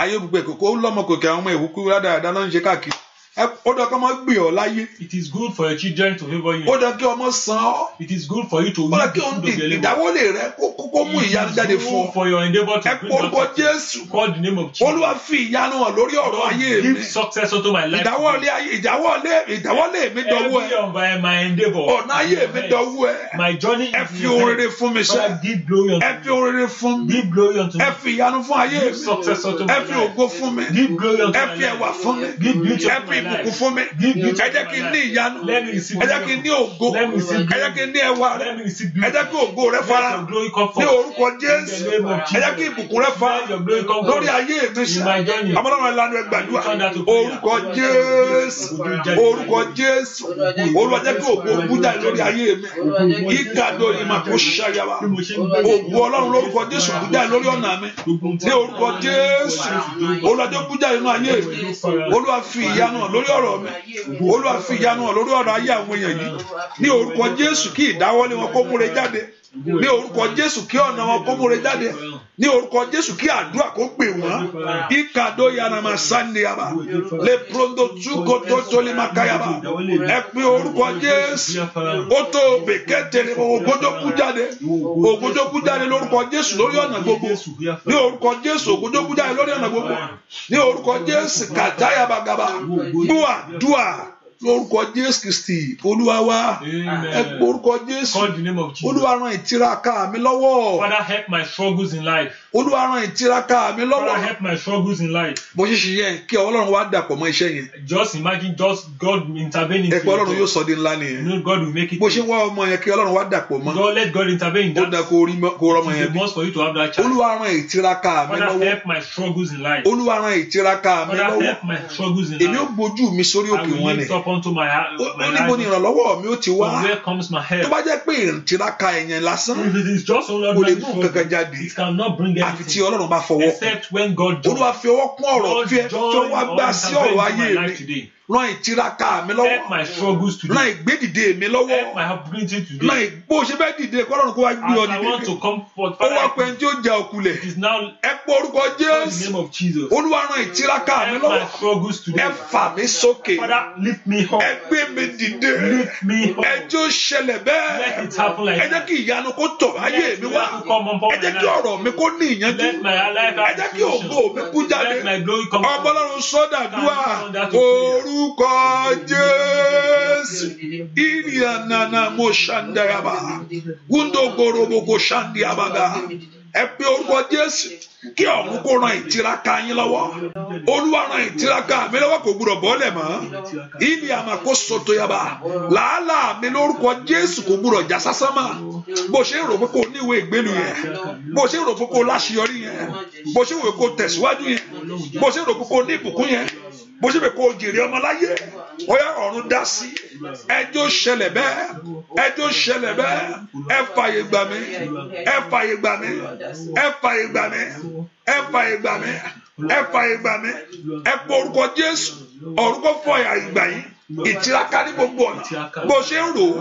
ayé gbogbo èkó kó lọ́mọ kòkè àwọn ọmọ ìwúkú dáadáa ló ń ṣe káàkiri ó dọ̀ kí ọmọ gbè ọ́ láyé. it is good for your children to favour you. ó dọ̀ kí ọmọ san ọ́. it is good for you to win the food of your labour. ìdáwọ́lé rẹ kókó mú ìyanu jáde fún ọ. it is good for your endeavour to bring God to you. call the name of Jesus. olúwa fi ìyanu hàn lórí ọ̀rọ̀ ayé mi. give success unto my life. ìdáwọ́lé ìdáwọ́lé ìdáwọ́lé mi dọ̀wọ́ ẹ. every by my endeavour. ọ̀nà ayé mi dọ̀wọ́ ẹ. my journey is my life. ẹ fi oore fún mi sẹ́. give ẹ fi oore fún mi. give glory unto me. ẹ fi ìyanu fún ayé mi. give success unto my life ìbùkún fún mi ẹ jẹ́ kí n ní ìyanu ẹ jẹ́ kí n ní ògo ẹ jẹ́ kí n ní ẹwà rẹ ẹ jẹ́ kí ògo rẹ fara ní orúkọ Jésù ẹ jẹ́ kí ìbùkún rẹ fara lórí ayé mi sá amọ́nàmọ́ ìlànà ẹgbàdúrà orúkọ Jésù orúkọ Jésù Olúwa jẹ́ kí ògo búdà lórí ayé mi ìgàdo ìmọ̀ kò ṣàyàwá ògo Ọlọ́run lórúkọ Jésù búdà lórí ọ̀nà mi ní orúkọ Jésù Olúwa jẹ́ búdà nínú ayé mi Olúwa fi ìyanu ọ̀ lórí ọ̀rọ̀ mi olúwa fi ìyanu hàn lórí ọ̀rọ̀ ayé àwọn èèyàn yìí ní orúkọ jésù kí ìdáwọ́lé wọn kó múre jáde ní orúkọ jésù kí ọ̀nà wọn kó múre jáde ní orúkọ jésù kí àdúrà kó gbè wọ́n ìkàdó yanama sandiyaba lè prondo túkò tó tólé makayaba ẹ pé orúkọ jésù ó tó bèké tèrè ògójókú jáde ògójókú jáde lórúkọ jésù lórí ọ̀nà gbogbo ní orúkọ jésù ògójókú jáde lórí ọ̀nà gbogbo ní orúkọ jésù kàdáyabagaba gbúà dúà. lórúkọ jésù kristi olúwa wa ẹ pé orúkọ jésù olúwa ràn ìtiraka mi lọ́wọ́. Father help my struggles in life. olúwa ràn ìtiraka mi lọ́wọ́. God help my struggles in life. ṣe ṣe yẹn kí ọlọ́run wá dàpọ̀ mọ́ iṣẹ́ yẹn. just imagine just God intervening. ẹ ọlọ́run yóò sọ di ńlá nìyẹn. you God will make it. bó ṣe wá ọmọ yẹn kí ọlọ́run wá dàpọ̀ mọ́. God let God intervene in ó dà kó rí kó rọmọ yẹn. it the most for you to have that child. olúwa ràn ìtiraka mi lọ́wọ́. help my struggles in life. olúwa ràn ìtiraka mi lọ́wọ́. help my struggles in life. èmi ó gbójú mi sórí òkè wọn ni. I will lift up my heart. ó ní bo ni ìrànlọ́wọ́ mi ó ti wá. where comes my help? tó bá jẹ́ pé ìtiraka ẹ̀yẹn lásán. it is just it cannot bring àfi tí Ọlọ́run bá fọwọ́ olúwa fi ọwọ́ pọ́n ọ̀rọ̀ fi ọwọ́ gbà sí ọ̀rọ̀ ayé mi ràn ìtiraka mi lọ́wọ́. help my struggles today. ràn ìgbédìde mi lọ́wọ́. today. ràn ìgbó ṣe fẹ́ dìde kọ́lọ́run kó wá gbé ọ dìde. I want to come forth. ó wá pẹ́ tí ó jà òkulẹ̀. it is now. ẹ pọ orúkọ Jésù. in the name of Jesus. olúwa ràn ìtiraka mi lọ́wọ́. my struggles today. ẹ fà mí sókè. ẹ gbé mi dìde. ẹ jó ṣẹlẹ̀ bẹ́ẹ̀. let it happen ẹ jẹ́ kí ìyanu kó tọ̀ ayé mi wá. ẹ jẹ́ kí ọ̀rọ̀ mi kó ní ìyanjú. let my life ẹ jẹ́ kí ògo mi kú jáde. let my glory come sọ́dà dúà ooru orúkọ Jésù ìrìà nànà mo ṣàǹdàyàbà wúndò gorobogo ṣàǹdàyàbàgà ẹ pé orúkọ Jésù kí ọ̀run kó ran ìtiraka yín lọ́wọ́ olúwa ran ìtiraka mi lọ́wọ́ kò gbúdọ̀ bọ́lẹ̀ mọ́ ìní àmà kó soto yaba làálàá mi lórúkọ jésù kò gbúdọ̀ já sásán mọ́ bó ṣe rò pé kò níwèé ìgbélu yẹn bó ṣe rò pé kò láṣeyọrí yẹn bó ṣe rò pé kò tẹ̀síwájú yẹn bó ṣe rò pé kò ní ìbùkún yẹn bó ṣe bẹ kó jèrè ọmọ láyé ọyá ọ̀run dá sí ẹjọ́ ṣẹlẹ̀ bẹ́ẹ̀ ẹjọ́ ṣẹlẹ̀ bẹ́ẹ̀ ẹ fàyè gbà mí ẹ fàyè gbà mí ẹ fàyè gbà mí ẹ fàyè gbà mí ẹ fàyè gbà mí ẹ pọ orúkọ Jésù orúkọ fọyà ìgbà yìí ìtiraka ní gbogbo ọ̀nà bó ṣe ń rò ó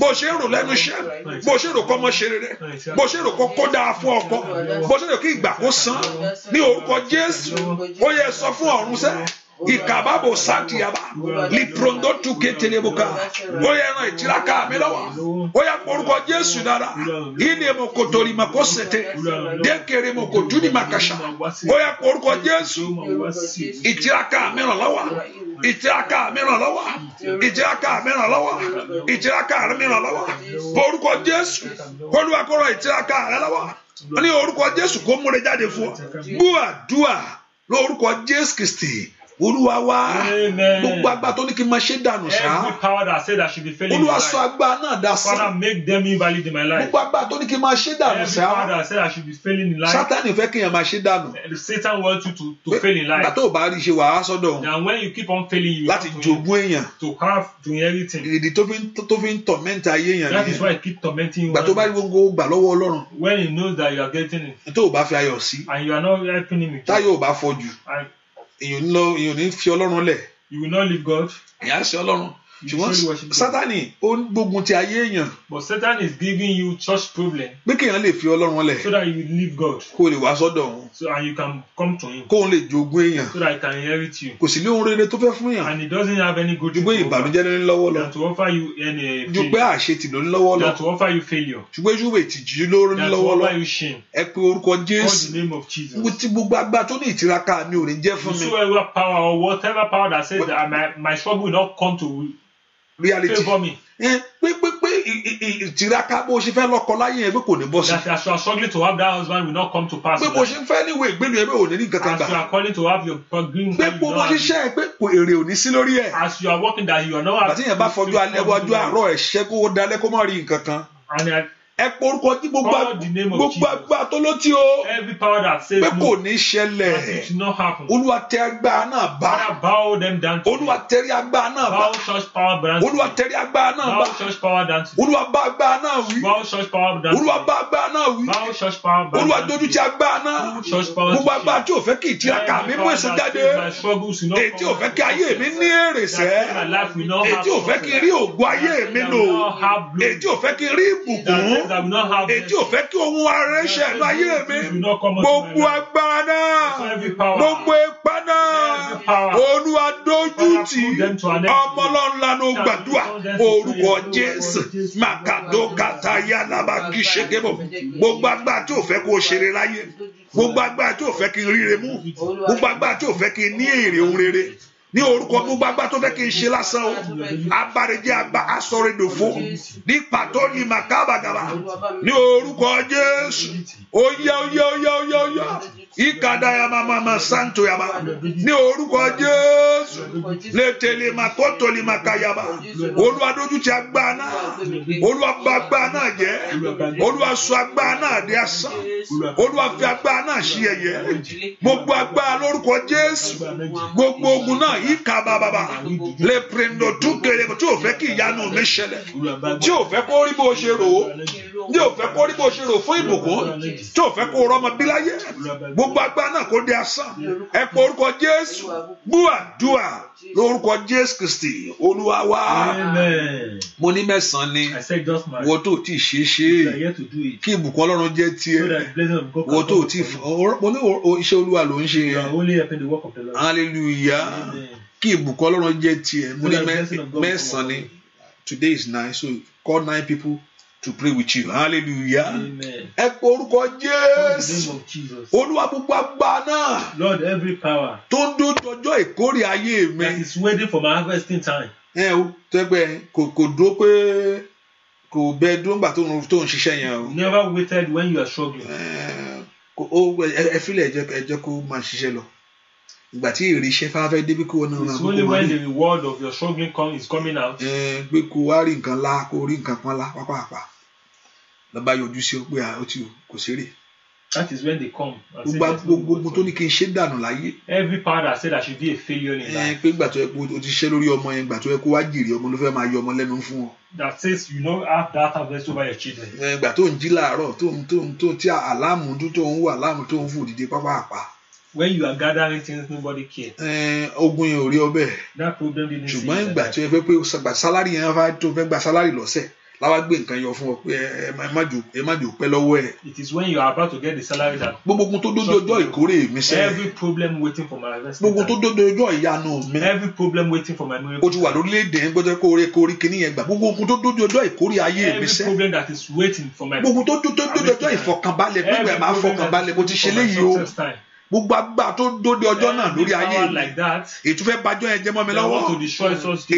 bó ṣe ń rò lẹ́nu iṣẹ́ bó ṣe ń rò kọ́mọ ṣe rere bó ṣe ń rò kó dáa fún ọkọ bó ṣe ń rò kí ìgbà kó san ní orúkọ Jésù ó yẹ sọ fún ọ̀run sẹ́ ikababo santi yaba liprondo tuketeleboka oya na itiraka amelawa oya porko Jésù dara ine mokotoli makosete dekere mokotuni makasha oya porko Jésù itiraka amelawa itiraka amelawa itiraka amelawa itiraka amelawa porko Jésù Olúwa koro itiraka amelawa ní orúkọ Jésù kó múre jáde fún ọ gbúà dúà lórúkọ Jésù Kristi olúwa wá gbogbo agbá tó ní kí n máa ṣe dànù sá olúwa sọ agbá náà dá sí gbogbo agbá tó ní kí n máa ṣe dànù sá sátani fẹ́ kí n yàn máa ṣe dànù eh, pé nígbà tó o bá rí ṣe wàá sọ́dọ̀ òun láti jogún èèyàn ìdí tó fi ń tọ̀mẹ́ntì ayé èèyàn nìyẹn gbà tó bá rí gbogbo gbà lọ́wọ́ ọlọ́run tó o bá fi ayọ̀ sí táyọ̀ bá fọ́ jù. You know, you ní fi ọlọ́run lẹ̀. you will not leave God. èyàn á ṣe ọlọ́run ṣùgbọ́n sátani ó ń gbógun ti ayé èèyàn. but satan is giving you church problem. pé kéèyàn lè fi ọlọ́run lẹ̀. so that you leave God. kó o lè wá sọ́dọ̀ òun. so and you can come to him. kó òun lè jogún èèyàn. so that he can inherit you. kò sí lé ohun rere tó fẹ́ fún yàn. and he doesn't have any good. dùgbò ìbànújẹ́ ní lọ́wọ́ lọ. that to offer you any uh, failure. dùgbò àṣetì ló ní lọ́wọ́ lọ. that to offer you failure. ṣùgbọ́n ìṣúwò ìtìjú ló ní lọ́wọ́ lọ. that to offer you shame. ẹ pe orúkọ Jésù. call the name of Jesus. whatever power that says that my, my struggle will not come to reality eh, pé pé pé ìtiraka bó ṣe fẹ́ lọ́kọ láyé yẹn pé kò ní bọ́ sí. that as you are struggling to have that husband will not come to pass. pé bó ṣe ń fẹ́ níwèé ìgbélu yẹn pé ò ní ní gàtàgbà. as you are calling to have your green card. pé bó bó ṣe ṣe é pé kò èrè ò ní sí lórí ẹ̀. as you are working that you are not. àti yẹn bá fọjú alẹ́ wájú àárọ̀ ẹ̀ ṣẹ́ kó dalẹ́ kó má rí nǹkan kan. and I ẹ porúkọ tí gbogbo agbá tó ló tí o pé kò ní ṣẹlẹ̀ olúwa tẹ agbára náà bá bow them down to me. olúwa tẹrí agbára náà bá. bow such power down to me. olúwa tẹrí agbára náà bá. bow such power down to me. olúwa bá agbára náà wí. bow such power down to me. olúwa bá agbára náà wí. bow such power down to me. olúwa dojú ti agbára náà. bow such power down to me. gbogbo agbára tí o fẹ́ kí ìtiraka mi mú èso jáde. ètí o fẹ́ kí ayé mi ní èrè sẹ́. ètí o fẹ́ kí n rí ògo ayé mi lò. ètí o fẹ́ kí n rí ìbùkún. ètí o fẹ́ kí ohun arẹ́ṣẹ̀ ní ayé mi. gbogbo agbára náà. gbogbo ipá náà. olú olúwa dojú ti ọmọ ọlọ́nla ló gbàdúrà orúkọ jésù màkàdókàtà yálàbà kí ṣègébò gbogbo àgbà tí ò fẹ́ kó o ṣeré láyé gbogbo àgbà tí ò fẹ́ kí n ríre mú gbogbo àgbà tí ò fẹ́ kí n ní èrè òun rere ní orúkọ gbogbo agbá tó fẹ́ kí n ṣe lásán o abarijẹ́ agbá asọ̀rẹ́dòfo ní pàtó ní màkàbàgàbà ní orúkọ jésù ó yá ó yá ó ikadayamama santo yaba ní orúkọ jésù létele makotoli makayaba olúwa dójú ti agbára náà olúwa ba agbára náà jẹ́ olúwa sọ agbára náà di asán olúwa fi agbára náà sí ẹ̀yẹ gbogbo agbára lórúkọ jésù gbogbo ogun náà ikabababa lè prendo dúkèrè tí o ya kí ìyanu mi ṣẹlẹ̀ tí o fẹ́ kó rí bó ṣe tí ò fẹ́ kó rí bó ṣe rò fún ìbùkún tí ò fẹ́ kó rọmọ bí láyé gbogbo agbára náà kó di asán ẹ pọ orúkọ Jésù gbúàdúà lórúkọ Jésù Kristi Olúwa wa mo ní mẹ́sàn-án ni wo tó ti ṣe ṣe kí ìbùkún Ọlọ́run jẹ́ tiẹ̀ wo tó ti mo ní iṣẹ́ Olúwa ló ń ṣe yẹn hallelujah kí ìbùkún Ọlọ́run jẹ́ tiẹ̀ mo ní mẹ́sàn-án ni today is nine so call nine people to pray with you hallelujah ẹ pe orúkọ jésù olúwa gbogbo agbá náà lord every power tó ń dójọjọ ìkórè ayé mi that is waiting for my time. ẹ o tẹgbẹ kò kò dúró pé kò bẹ dúró tó ń tó ń ṣiṣẹ́ yẹn o. never waited when you are struggling. ẹ filẹ̀ ẹ jẹ́ kó máa ṣiṣẹ́ lọ ìgbà tí èrè iṣẹ́ fáwọn débi kó náà. it's only when the reward of your struggling come is coming out. ẹ gbé kó wá rí nǹkan lá kó rí nǹkan pọ́n lá pápá àpá lọ́ba yọjú sí ọ pé ah, ó ti kò ṣeré. that is when they come. gbogbo gbogbo tó ní kí n ṣe dànù láyé. every powder said I should be a failure in eh, life. ẹ pé gbà tó kó o ti ṣiṣẹ́ lórí ọmọ yẹn gbà tó kó wá jèrè ọmọ ló fẹ́ máa yọ ọmọ lẹ́nu fún ọ. that says you no have that harvest over your children. ẹ eh, gbà tó ń jí láàárọ̀ tó ń tó ń tó tí àlámù dún tó ń wò àlámù tó ń fò dìde pápá when you are gathering things nobody care. ẹ eh, ogun yẹn ò rí ọ that problem didn't see you. ṣùgbọ́n ìgbà tó yẹ fẹ́ pé salary yẹn fẹ́ tó fẹ́ gba salary lọ́sẹ̀ láwa gbé nǹkan yọ fún ọ pé ẹ má jò pẹ́ lọ́wọ́ ẹ. it is when you are about to get the salary that. gbogbo ogun tó dójú ọjọ́ ìkórè mi sẹ́yìn. every problem waiting for my investment. gbogbo tó dójú ọjọ́ ìyanu mi. every problem waiting for my new. o ti wà lórílẹ̀‐èdè yẹn gbọ́dọ̀ kó orí kórí kìíní yẹn gbà gbogbo ogun tó dójú ọjọ́ ìkórè ayé mi sẹ́yìn. every problem that is waiting for my. gbogbo tó dójú ọjọ́ ìfọkànbalẹ̀ gbẹgbẹ máa fọkànbalẹ̀ mo ti ṣe léyìí o gbogbo agbá tó dóde ọjọ́ náà lórí ayé mi ètò fẹ́ bàjọ́ yẹn jẹ́ mọ́ mi lọ́wọ́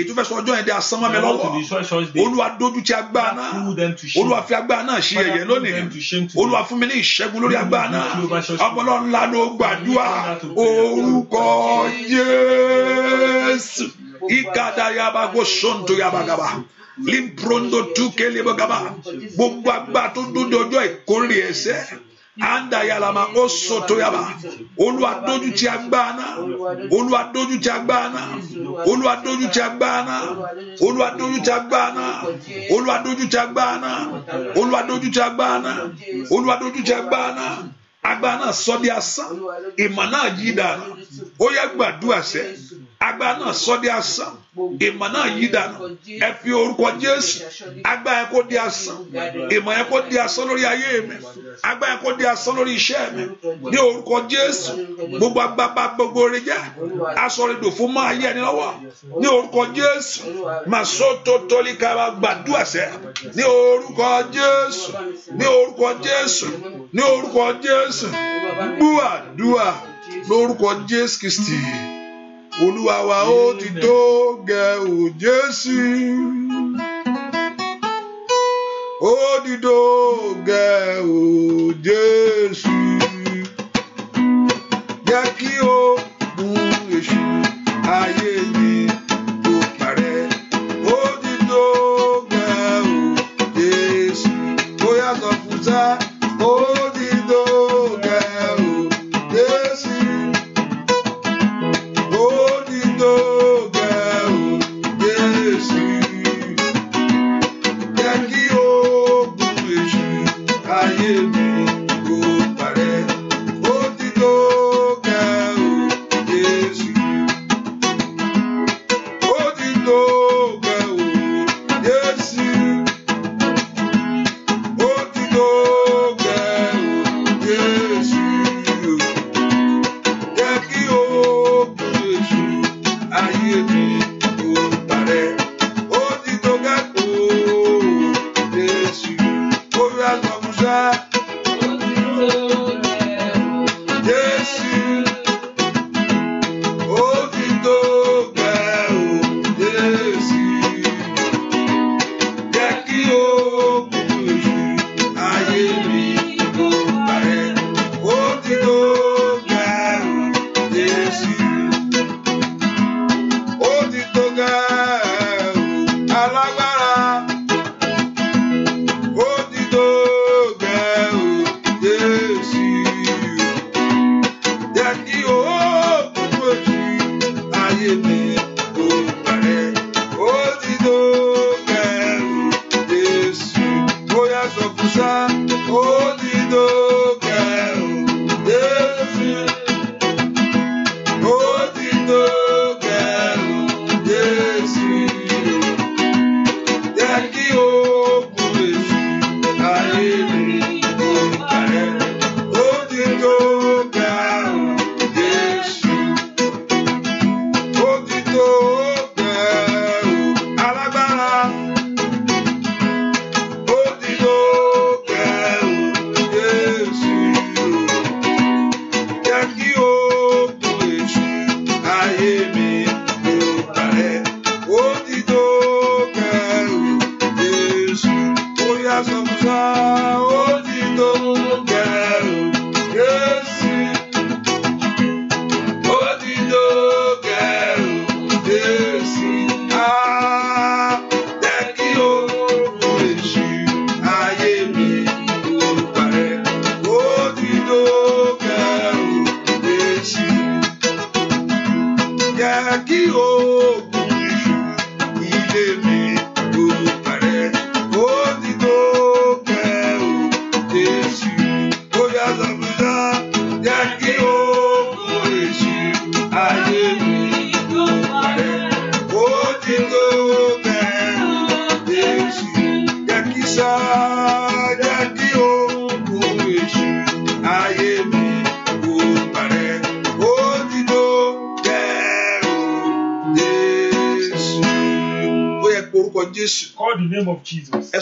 ètò fẹ́ sọ ọjọ́ yẹn di asán mọ́ mi lọ́wọ́ olúwa dójú ti agbá náà olúwa fi agbá náà ṣe ẹ̀yẹ lónìí olúwa fún mi ní ìṣẹ́gun lórí agbá náà ọpọlọ ló gbàdúrà orúkọ Jésù ìkàdá yabago sọ́ńtò yabagaba limbrondo tukẹ́ lébọ́gaba gbogbo agbá tó dóde ọjọ́ ìkórè ẹ̀ṣẹ̀ anda yalama o soto yaba Olúwa dójú ti agbára náà Olúwa dójú ti agbára náà Olúwa dójú ti agbára náà Olúwa dójú ti agbára náà Olúwa dójú ti agbára náà Olúwa dójú ti agbára náà Olúwa ti agbára náà sọ di asán ìmọ̀ náà yí dànù ó yẹ gbàdúrà sẹ́yìn agbára náà sọ di asán ìmọ̀ náà yí dànù ẹ fi orúkọ Jésù agbára yẹn kó di asán ìmọ̀ yẹn kó di asán lórí ayé mi agbára yẹn kó di asán lórí iṣẹ́ mi ní orúkọ Jésù gbogbo agbábá gbogbo rẹ jẹ́ asọ̀rìndò fún mọ́ ayé ẹni lọ́wọ́ ní orúkọ Jésù màsó tótólì kára gbàdúrà sẹ́ ní orúkọ Jésù ní orúkọ Jésù ní orúkọ Jésù gbúàdúà lórúkọ Jésù Kristi olúwa wa ó ti tó gẹ ò jésù ó ti tó gẹ ò jésù jẹ́ kí ó gun èṣù ayé yìí.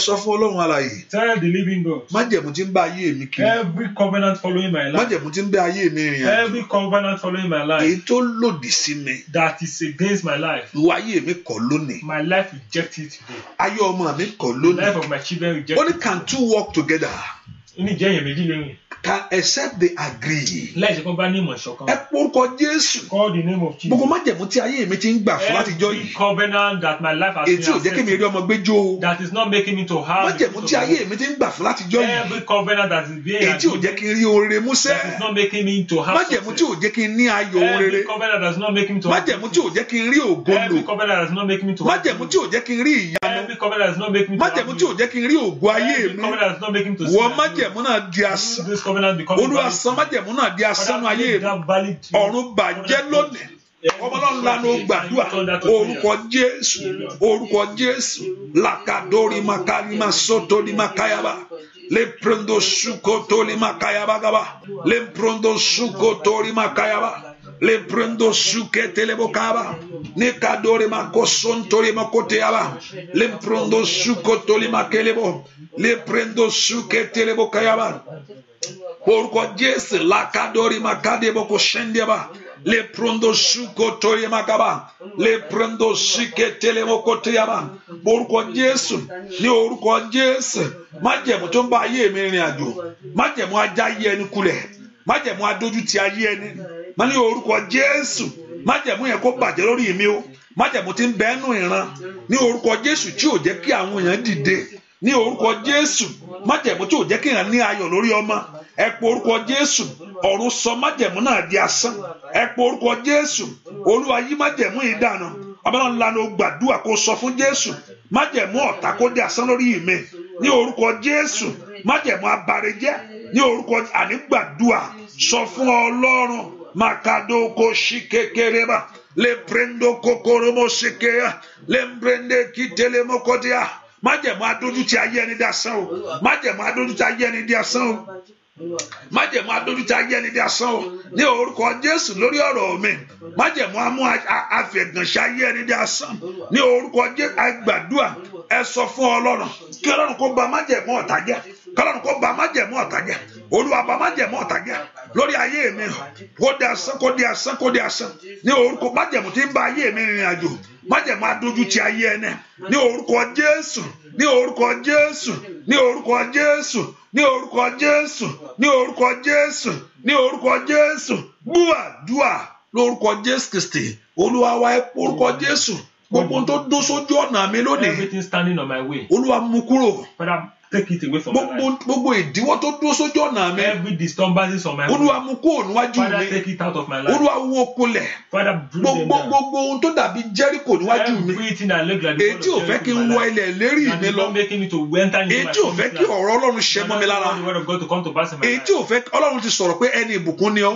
sọ fún ọlọ́run alààyè. tell the living God. májẹ̀mú tí ń bá ayé mi kiri. every covenant following my life. májẹ̀mú tí ń bá ayé mi rìn àjò. every covenant following my life. èyí tó lòdì sí mi. that is against my life. ìwà ayé mi kọ̀ lónìí. my life rejected today. ayé ọmọ mi kọ̀ lónìí. the life of my children rejected. it. only can two work together ní méjì lóyún. Can except they agree. Láìsí pé bá ní ìmọ̀ ìṣọ̀kan. Ẹ porúkọ Jésù. Call the name of Jesus. Gbogbo májẹ̀mú tí ayé mi ti ń gbà fún látijọ́ yìí. Every covenant that my life has been accepted. Ètí jẹ́ kí mi rí ọmọ gbé jó. That is not making me to have. Májẹ̀mú tí ayé mi ti ń gbà fún látijọ́ yìí. Every covenant that is being. accepted. ò jẹ́ kí n rí oore músẹ́. That is not making me to have. Májẹ̀mú tí ò jẹ́ kí n ní ayọ̀ oore. Every covenant that is not making me to have. Májẹ̀mú tí ò jẹ́ kí n that is not making me to have. Májẹ̀mú tí ò jẹ́ kí n rí ìyanu. Every covenant that is not making me to have. Májẹ̀mú tí ò jẹ́ kí n that is not making me to have. Wọ́n májẹ̀ májẹ̀mú náà di asán olúwa sọ májẹ̀mú náà di asán nínú ayé mi ọ̀run bàjẹ́ lónìí ọmọlọ́run lanu gbàdúrà orúkọ jésù orúkọ jésù làkàdórí makarima sótórí makayaba lẹ́pọ̀ndó sukotórí makayaba gaba lẹ́pọ̀ndó sukotórí makayaba le brendo suke telebokaba ne kadore makoson tole makoteaba le brendo suko tole makelebo le brendo suke telebokayaba orúkọ jésù lakadori makadeboko sendeba le brendo suko tole makaba le brendo suke telebokoteaba orúkọ jésù ní orúkọ jésù májẹ̀mú tó ń bá ayé mi rìn àjò májẹ̀mú ajá yẹ ẹni kulẹ̀ májẹ̀mú adójú ti ayé ẹni. má ní orúkọ Jésù májẹ̀mú yẹn kó bàjẹ́ lórí mi o májẹ̀mú ti ń bẹ́ẹ̀nù ìran ní orúkọ Jésù tí ò jẹ́ kí àwọn èèyàn dìde ní orúkọ Jésù májẹ̀mú tí ò jẹ́ kí èèyàn ní ayọ̀ lórí ọmọ ẹ pé orúkọ Jésù ọ̀run sọ májẹ̀mú náà di asán ẹ pé orúkọ Jésù olúwa yí májẹ̀mú yìí dànù abọ́nà ńlanu gbàdúrà kó sọ fún Jésù májẹ̀mú ọ̀tá kó di asán lórí mi ní orúkọ Jésù májẹ̀mú abarejẹ́ ní orúkọ ànígbàdúrà sọ fún Ọlọ́run kokoro e mo makadoko shikekereba lembrendo kokoromo sekeya lembrende kitelemokodia májẹ̀mú adójú ti aye ẹni di asán o májẹ̀mú adójú ti aye ẹni di asán o májẹ̀mú adójú ti aye ẹni di asán o ní orúkọ Jésù lórí ọ̀rọ̀ mi májẹ̀mú amú àfẹ̀gànṣe ayé ẹni di asán ní orúkọ Jésù agbàdúà ẹ sọ fún Ọlọ́run kí Ọlọ́run kó ba májẹ̀mú ọ̀tá jẹ́ kí Ọlọ́run kó ba májẹ̀mú ọ̀tá jẹ́ Olúwa ba májẹ̀mú ọ̀tá jẹ́ lórí ayé mi kó di asán kó di asán kó di asán ní orúkọ májẹ̀mú tí ń bá ayé mi rìnrìn àjò májẹ̀mú adójú ti ayé ẹnẹ ní orúkọ Jésù ní orúkọ Jésù ní orúkọ Jésù ní orúkọ Jésù ní orúkọ Jésù ní orúkọ Jésù gbúà dùà lórúkọ Jésù Kristi Olúwa wa ẹ orúkọ Jésù gbogbo tó dó sójú ọ̀nà mi lónìí Olúwa mú kúrò take it away from my life. gbogbo ìdíwọ́ tó dúró sójú ọ̀nà mi. every disturbance on my life. olúwa mú kúrò níwájú mi. father take it out of my life. olúwa wó kulẹ̀. father bring them down. gbogbo ohun tó dàbí jẹ́ríkò níwájú mi. everything that look like the word of jẹ́ríkò. ètí ò fẹ́ kí n wọ ilẹ̀ lérí mi lọ. ètí ò fẹ́ kí ọ̀rọ̀ ọlọ́run ṣẹ mọ́ mi lára. ètí ò fẹ́ ọlọ́run ti sọ̀rọ̀ pé ẹni ìbùkún ni ọ́.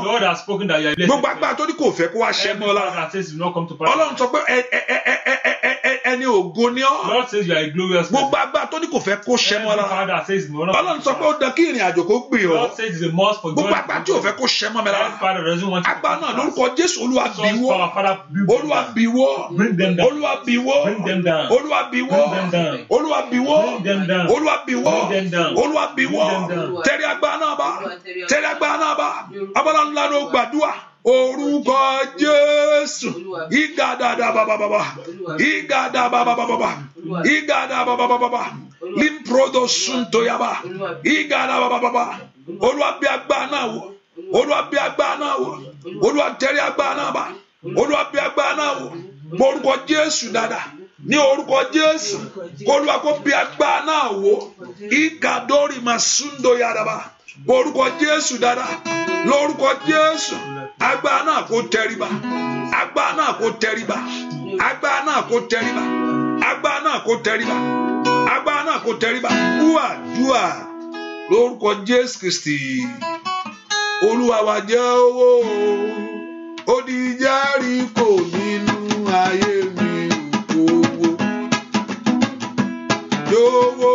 gbogbo agbára tó ní kò fẹ́ kó wá ṣẹ mọ́ lára. ọlọ́run sọ pé ẹ ẹ ẹni ògo ni ọ́. God says you are a glorious person. gbogbo agbá tó ní kò fẹ́ kó ṣẹ́ mọ́ la. every father says no. ọlọ́run sọ pé ó dán kí ìrìn àjò kó gbìn ọ́. Lord? says it's a must for God. gbogbo agbá tí ò fẹ́ kó ṣẹ́ mọ́ mi la. every father doesn't want to. agbá náà lórúkọ Jésù olúwa bíwọ́. olúwa bíwọ́. bring them down. olúwa bíwọ́. bring them down. olúwa bíwọ́. bring them down. olúwa bíwọ́. bring them down. olúwa bíwọ́. bring them down. olúwa bíwọ́. tẹ̀rí agbá náà bá. tẹ̀rí agbá náà bá. abọ́lá ńlá ló gbàdúrà orúkọ jésù igadada babababa igada babababa igada babababa limprodo suntoyaba igada babababa olúwa bí agbára náà wọ olúwa bí agbára náà wọ olúwa tẹrí agbára náà bá olúwa bí agbára náà wọ orúkọ jésù dada ní orúkọ jésù olúwa kó bí agbára náà wọ igadori masundoyadaba orúkọ jésù dada lórúkọ jésù. agbára náà kò tẹríba agbára náà kó tẹríba agbára náà kó tẹríba agbára náà tẹríba agbára náà tẹríba wúwà lórúkọ jésù kristi jẹ́ owó ó di nínú ayé mi òkú owó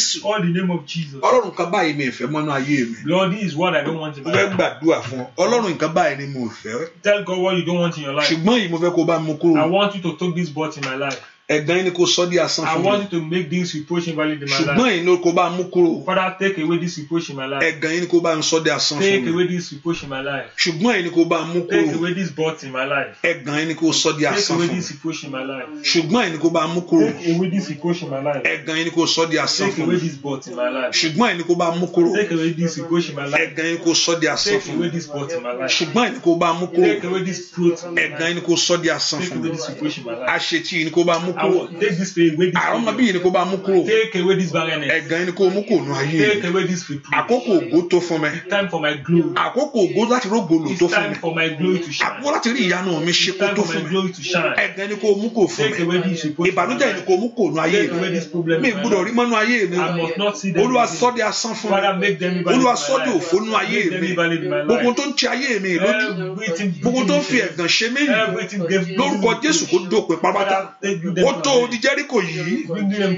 Jésù. Call the name of Jesus. Ọlọ́run nǹkan báyìí mi ìfẹ́ mọ́nú ayé mi. Lord this is what I don't want in my life. Mo fẹ́ gbàdúrà fún ọ. Ọlọ́run nǹkan báyìí ni mo fẹ́. Tell God what you don't want in your life. Ṣùgbọ́n yìí mo fẹ́ kó bá mi kúrò. I want you to take this bot in my life ẹ̀gàn ni kò sọ di asán fún mi. I want you to make this reproach invalid in my life. ṣùgbọ́n yìí ni kò bá mú kúrò. Father take away this reproach in my life. ẹ̀gàn yìí ni kò bá ń sọ di asán fún mi. Take away this reproach in my life. ṣùgbọ́n yìí ni kò bá mú kúrò. Take away this burden in my life. ẹ̀gàn yìí ni kò sọ di asán fún mi. Take away this reproach in my life. ṣùgbọ́n yìí ni kò bá mú kúrò. Take away this reproach in my life. ẹ̀gàn yìí ni kò sọ di asán fún mi. Take away this burden in my life. ṣùgbọ́n yìí ni kò bá mú kúrò. Take away this reproach in my life. ẹ̀gàn yìí ni kò sọ di asán fún mi. Take away this burden in my life. ṣùgbọ́n yìí ni kò bá mú kúrò. Take away this fruit in my life. yìí ni kò sọ di asán fún mi. Take away this reproach in my life. àṣetì yìí ni kò bá mú k Take this kúrò àrùn náà bí yìí ni kò bá mú kúrò ẹ̀gàn ni kò mú kò nù ayé àkókò ògo tó fún mi àkókò ògo láti rógbò lò tó fún mi àkókò láti rí ìyanu mi ṣe kó tó fún mi ẹ̀gàn ni kò mú kò fún mi ìbànújẹ́ ni kò mú kò nù ayé mi mi gbúdọ̀ rí mọ́nú ayé mi olúwa sọ́dẹ̀ asán fún mi olúwa sọ́dẹ̀ òfò nù ayé mi gbogbo tó ń ti ayé mi lójú gbogbo tó ń fi ẹ̀gàn ṣe mí lórúkọ Jésù kò dópin pápátá ó ó tó odi Jẹ́ríkò yìí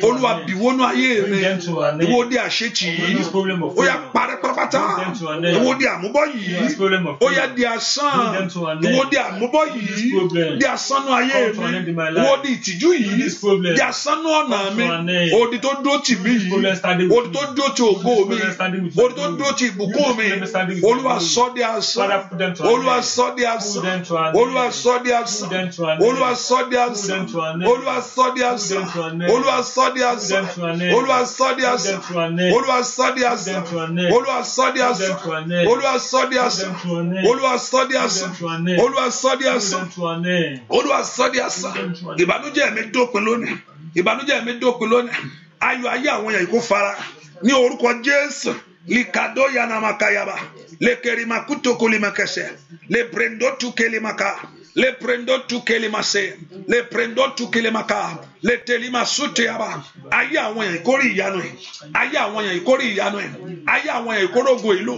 olúwa bìwónú ayé rẹ ìwọ di àṣetì yìí ó yá parẹ́ pátápátá ìwọ di àmúbọ́ yìí ó yá di asán ìwọ di àmúbọ́ yìí di asánú ayé mi ìwọ di ìtìjú yìí di asánú ọ̀nà mi odi tó dúró tì mí yìí odi tó dúró tì ògo mi odi tó dúró tì ìbùkún mi olúwa sọ di asán olúwa sọ di asán olúwa sọ di asán olúwa sọ di asán olúwa sọ di àṣà olúwa sọ di àṣà olúwa sọ di àṣà olúwa sọ di àṣà olúwa sọ di àṣà olúwa sọ di àṣà olúwa sọ di àṣà olúwa sọ di àṣà olúwa sọ di àṣà ìbànújẹ́ mi dópin lónìí ìbànújẹ́ mi dópin lónìí ayọ̀ ayé àwọn èèyàn kò fara ní orúkọ Jésù likado yanamakayaba lekerimakutokolimakẹsẹ lebrendotukelimakaa le prendo tukelemase le prendo tukelemaka le telima soteyaba ayé àwọn yẹn ìkórè ìyanu yẹn ayé àwọn yẹn ìkórè ìyanu yẹn ayé àwọn yẹn ìkórógo ilu.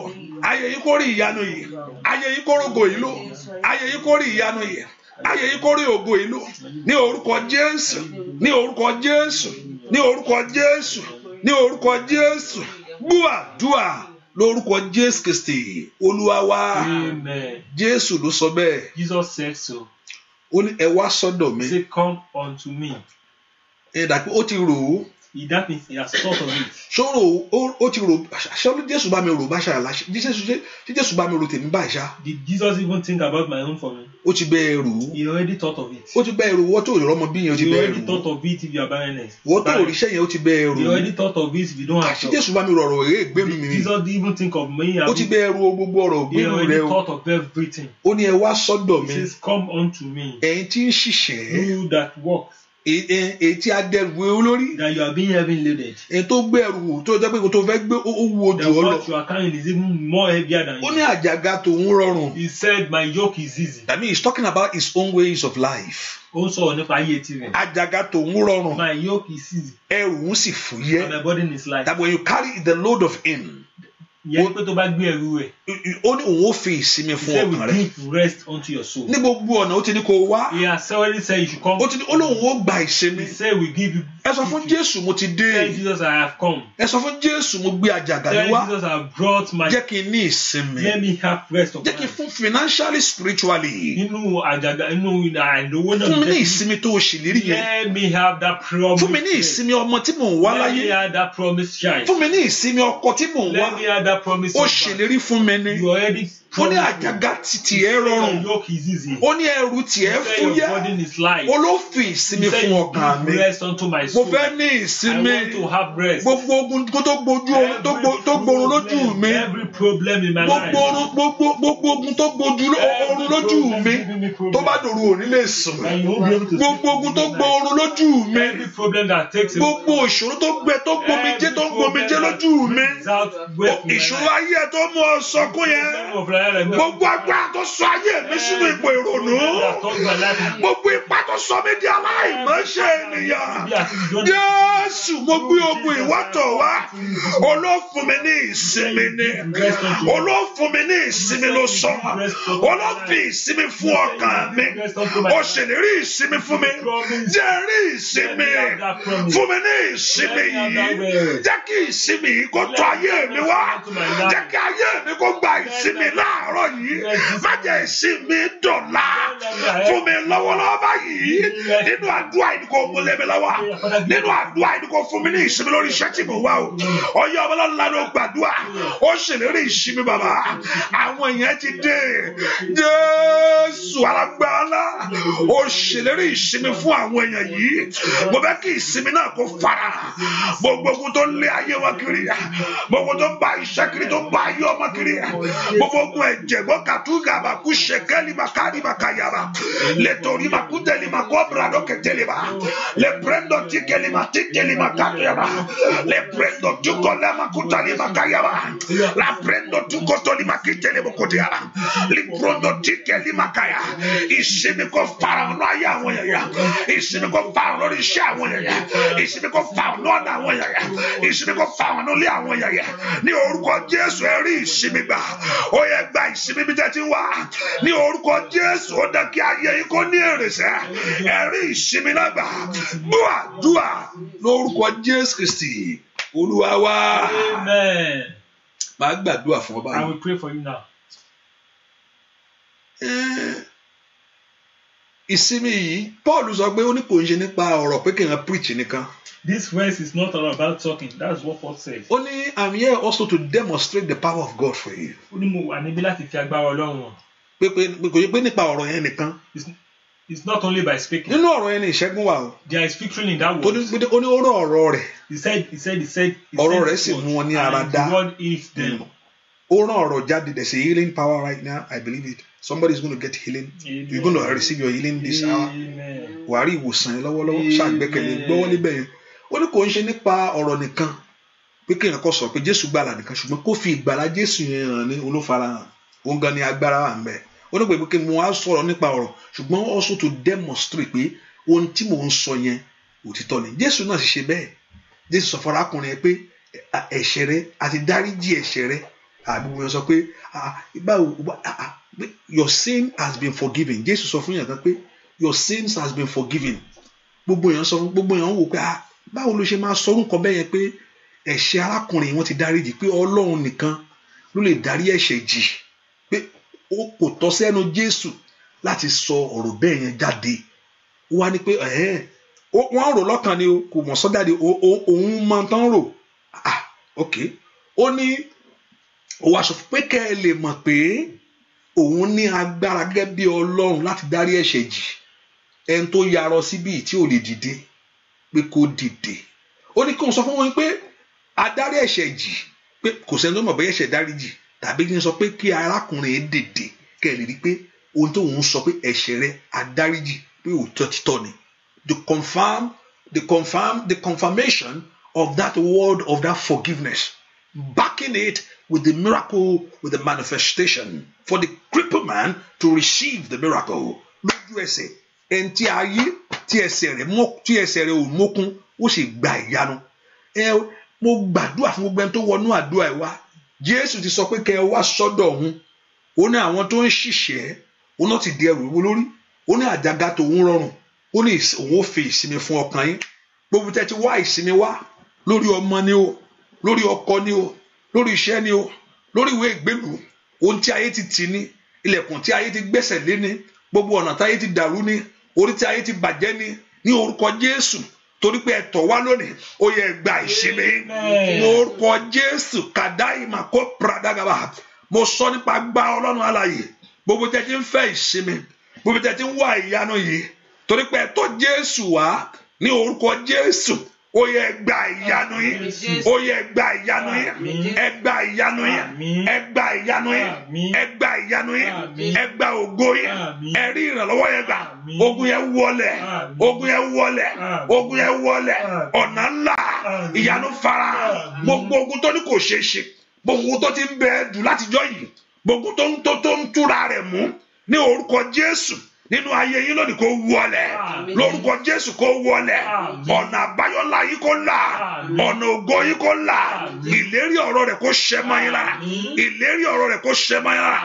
ayé ìkórè ìyanu yìí ayé ìkórógo ilu. ayé ìkórè ìyanu yìí ayé ìkórè ògo ìlú ní orúkọ Jésù ní orúkọ Jésù ní orúkọ Jésù ní orúkọ Jésù gbúà dùà lórúkọ jésù kristi olúwa wa jésù ló sọ bẹ́ẹ̀. jesus said so. ó ní ẹ wá sọ́dọ̀ mi. come unto me. ẹ dàgbé ó ti rò ó that means has thought of it. ṣòro ó ti rò ṣòro jésù bá mi rò bá ṣàrà láṣẹ jésù jésù bá mi rò tèmi bá ṣá. did Jesus even think about my own for me. ó ti bẹ ẹrù. he already thought of it. ó ti bẹ ẹrù wọ́n tó rọmọ bí yẹn ó ti bẹ ẹrù. he already thought of it if you are barrenness. wọ́n tó ríṣẹ́ yẹn ó ti bẹ ẹrù. he already thought of it if you don't have job. àṣì jésù bá mi rọrọ èrè gbé mi mi. did Jesus even think of me. ó ti bẹ ẹrù gbogbo ọ̀rọ̀ gbé mi rẹ o. he already thought of everything. ó ní ẹ wá sọ́dọ̀ mi. he says come unto me. ẹ̀yin tí ń ṣiṣẹ́. you that work ètí adẹrù olórí. that you are being heavy loaded. èyí tó gbé ẹrù wò tó jẹ́ pé kò tó fẹ́ gbé ó ojú ọ lọ. the watch you are carrying is even more heavier than you. ó ní àjàgà tòun rọrùn. he said my yoke is easy. that means he is talking about his own ways of life. ó ń sọ̀rọ̀ nípa ayé tirẹ̀. àjàgà tòun rọrùn. my yoke is easy. ẹrù ń sì fúyẹ́. and my burden is light. that when you carry the load of him yẹ pé tó bá gbé ẹrù rẹ̀. ó ní òun ó fi ìsinmi fún ọkàn rẹ̀. he said we give rest unto your soul. ní gbogbo ọ̀nà ó ti ní kó wá. he has already said you should come. ó ti ní ó lóun ó gba ìsinmi. he said we give you. ẹ sọ fún jésù mo ti dé. tell jesus i have come. ẹ sọ fún jésù mo gbé àjàgà mi wá. tell jesus i have brought my. jẹ́ kí n ní ìsinmi. let me have rest of mind. jẹ́ kí n fún financially spiritually. nínú àjàgà nínú àìlówó náà. fún mi ní ìsinmi tó o ṣèlérí yẹn. let me have that promise. fún mi ní ìsinmi ọmọ tí mò ń wá láyé. let me have that promise child. fún mi ní ìsinmi ọkọ tí mò ń wá. let me have that promise. ó ṣèlérí fún mi ni. you already ó ní àjàgà títì ẹ rọrùn ó ní ẹrù tì ẹ fúyẹ́ olófin ìsinmi fún ọkàn mi mo fẹ́ ní ìsinmi gbogbo ogun tó gbojú oorun tó gborun lójú mi gbogbo oorun gbogbo ogun tó gbojú oorun lójú mi tó bá dòru òní lè sùn gbogbo ogun tó gborun lójú mi gbogbo ìṣòro tó gbẹ tó gbomi jẹ tó gbomi jẹ lójú mi ìṣòro ayé tó mú ọ sọkún yẹn gbogbo agbára tó sọ ayé mi sínú ipò ìrònú gbogbo ipá tó sọ mi di aláìmọ́ṣẹ́ ènìyàn Jésù mo gbé ogun ìwọ́tọ̀ wá olófun mi ní ìsinmi ní olófun mi ní ìsinmi ló sọ olófin ìsinmi fún ọkàn mi o ìsinmi fún mi jẹ́ rí ìsinmi fún mi ní ìsinmi yìí jẹ́ kí ìsinmi yìí kó tó ayé mi wá jẹ́ kí ayé mi kó gba ìsinmi náà láàárọ̀ yìí má jẹ́ ìsinmi dọ̀la fún mi lọ́wọ́lọ́wọ́ báyìí nínú àdúrà yìí kò mú lẹ́mi lọ́wọ́ nínú àdúrà yìí kò fún mi ní ìsinmi lórí iṣẹ́ tí mo wá o ọyọ ọmọlọ́la ló gbàdúrà ó ṣèlérí ìsinmi bàbá àwọn èèyàn ti dé Jésù alágbára ó ṣèlérí ìsinmi fún àwọn èèyàn yìí mo fẹ́ kí ìsinmi náà kó fara gbogbo ogun tó lé ayé wọn kiri gbogbo tó ń bá kiri tó ń ayé ọmọ kiri gbogbo Mungu ejego katuga bakushekeli makari makayaba letori makuteli makobra doketeli ba le prendo tikeli matikeli makayaba le prendo tuko la makutali makayaba la prendo tuko toli makiteli bokotiaba li prendo tikeli makaya ìsinmi kò fara ọ̀nà ayé àwọn èèyàn ìsinmi kò fara ọ̀nà iṣẹ́ àwọn èèyàn ìsinmi kò fara ọ̀nà ọ̀nà àwọn èèyàn ìsinmi kò fara gba ìsinmi bí tẹ́ ti wà ní orúkọ Jésù ó dán ayé yín kó ní èrèsẹ́ ẹ̀rí ìsinmi náà gbà gbúà dúà lórúkọ Jésù Kristi Olúwa wa. màá gbàdúrà fún ọ báyìí. I will pray for you now. Eh, ìsinmi yìí Paul sọ pé ó ní kò ń ṣe nípa ọ̀rọ̀ pé kéèyàn preach nìkan. This verse is not all about talking. That's what Paul says. Ó ní I'm here also to demonstrate the power of God for you. Ó ní mo wà níbí láti fi agbára Ọlọ́run hàn. Pé pé kò yẹ pé nípa ọ̀rọ̀ yẹn nìkan. It's not only by speaking. Nínú ọ̀rọ̀ yẹn ni ìṣẹ́gun wà o. There is victory in that word. Ó ní ó rán ọ̀rọ̀ rẹ̀. He said he said he said. Ọ̀rọ̀ rẹ̀ sì mú wọn ní ara dá. And the word is them. Ó rán ọ̀rọ̀ jáde. There's a healing power right now. I believe it. Somebody is going to get healing Amen. you're going to receive your healing this hour wàá ìwòsàn lọ́wọ́lọ́wọ́ ṣàgbẹ́kẹ̀lé gbọ́wọ́ níbẹ̀ yẹn ó ní kò ń ṣe nípa ọ̀rọ̀ nìkan pé kéèyàn kò sọ pé jésù gbàlà nìkan ṣùgbọ́n kó fi ìgbàlà jésù yẹn hàn ní olófarahàn òun gan ni agbára wà ń ó ní pé kí mo á sọ̀rọ̀ nípa ọ̀rọ̀ ṣùgbọ́n also to demonstrate pé ohun tí mò ń sọ yẹn òtítọ́ ni jésù náà sì ṣe bẹ́ẹ̀ jésù sọ fún arákùnrin yẹn pé ẹ̀ṣẹ̀ rẹ àti dáríjì ẹ̀ṣẹ̀ rẹ àbí mo sọ pé ah, báwo ah, ah, your sin has been forgiven Jesus sọ fún yàn kan pé your sins has been forgiven gbogbo èèyàn sọ fún gbogbo èèyàn wò pé ah báwo ló ṣe máa sọ orúkọ bẹ́ẹ̀ yẹn pé ẹ̀ṣẹ̀ arákùnrin wọn ti dáríjì pé Ọlọ́run nìkan ló lè dárí ẹ̀ṣẹ̀ jì pé ó kò tọ́ sẹ́nu Jésù láti sọ ọ̀rọ̀ bẹ́ẹ̀ yẹn jáde ó wá ní pé wọ́n rò lọ́kàn ni kò mọ̀ sọ́ jáde òun mọ tán rò ah ok ó ní òun aṣọ pé kẹ́ ẹ lè mọ̀ pé òun ní agbára gẹ́gẹ́ bí ọlọ́run láti dárí ẹ̀ṣẹ̀ jì ẹni tó yarọ síbí tí ò lè dìde pé kó dìde ó ní kóun sọ fún wọn pé adárí ẹ̀ṣẹ̀ jì pé kò sẹ́ni tó mọ̀ bẹ́ẹ̀ ẹ̀ṣẹ̀ dárí jì tàbí kí n sọ pé kí arákùnrin yẹn dìde kẹ́ ẹ lè rí i pé ohun tó ń sọ pé ẹ̀ṣẹ̀ rẹ adárí jì pé òótọ́ títọ́ ni the confirm the confirm the confirmation of that word of that forgiveness backing it with the miracle, with the manifestation, for the crippled man to receive the miracle. Lójú ẹsẹ̀, ẹni tí a yí tí ẹsẹ̀ rẹ̀ mọ́ tí ẹsẹ̀ rẹ̀ ò mókun ó sì gba ìyanu. Ẹ mo gbàdúrà fún gbogbo ẹni tó wọnú àdúrà ẹ wá. Jésù ti sọ pé kẹ́ ẹ wá sọ́dọ̀ òun. Ó ní àwọn tó ń ṣiṣẹ́, ó náà ti di ẹrù ìwé lórí. Ó ní àjàgà tòun rọrùn. Ó ní òun ó fi ìsinmi fún ọkàn yín. Gbogbo tẹ́ ti wá ìsinmi wá lórí ọmọ ni o, lórí ọkọ ni o, lórí iṣẹ́ ni o lórí ìwé ìgbélú ohun tí ayé ti tì ní ilẹ̀kùn tí ayé ti gbẹ́sẹ̀ lé ní gbogbo ọ̀nà tí ayé ti dàrú ní orí tí ayé ti bàjẹ́ ní ní orúkọ Jésù torí pé ẹtọ wá lónìí ó yẹ gba ìsinmi ní orúkọ Jésù kàdáìmà kó pradagaba mo sọ nípa gbá Ọlọ́run alààyè gbogbo tẹ́ ti ń fẹ́ ìsinmi gbogbo tẹ́ ti ń wá ìyanu yìí torí pé ẹtọ Jésù wá ní orúkọ Jésù ó yẹ gba ìyanu yín ó yẹ gba ìyanu yín ẹ gba ìyanu yín ẹ gba ìyanu yín ẹ gba ìyanu yín ẹ gba ògo yín ẹ rí ìrànlọ́wọ́ yẹn gbà ogun yẹn wọlé ogun yẹn wọlé ogun yẹn wọlé ọ̀nà ńlá ìyanu fara gbogbo ogun tó ní kò ṣeé ṣe gbogbo ogun tó ti ń bẹ jù látijọ́ yìí gbogbo tó ń tó tó ń túra rẹ̀ mú ní orúkọ Jésù nínú ayé yín lónìí kó wọlẹ̀ lórúkọ jésù kó wọlẹ̀ ọ̀nà àbáyọ ńlá yín kó là ọ̀nà ògo yín kó là ìlérí ọ̀rọ̀ rẹ̀ kó ṣẹ mọ́ yín lára ìlérí ọ̀rọ̀ rẹ̀ kó ṣẹ mọ́ yín lára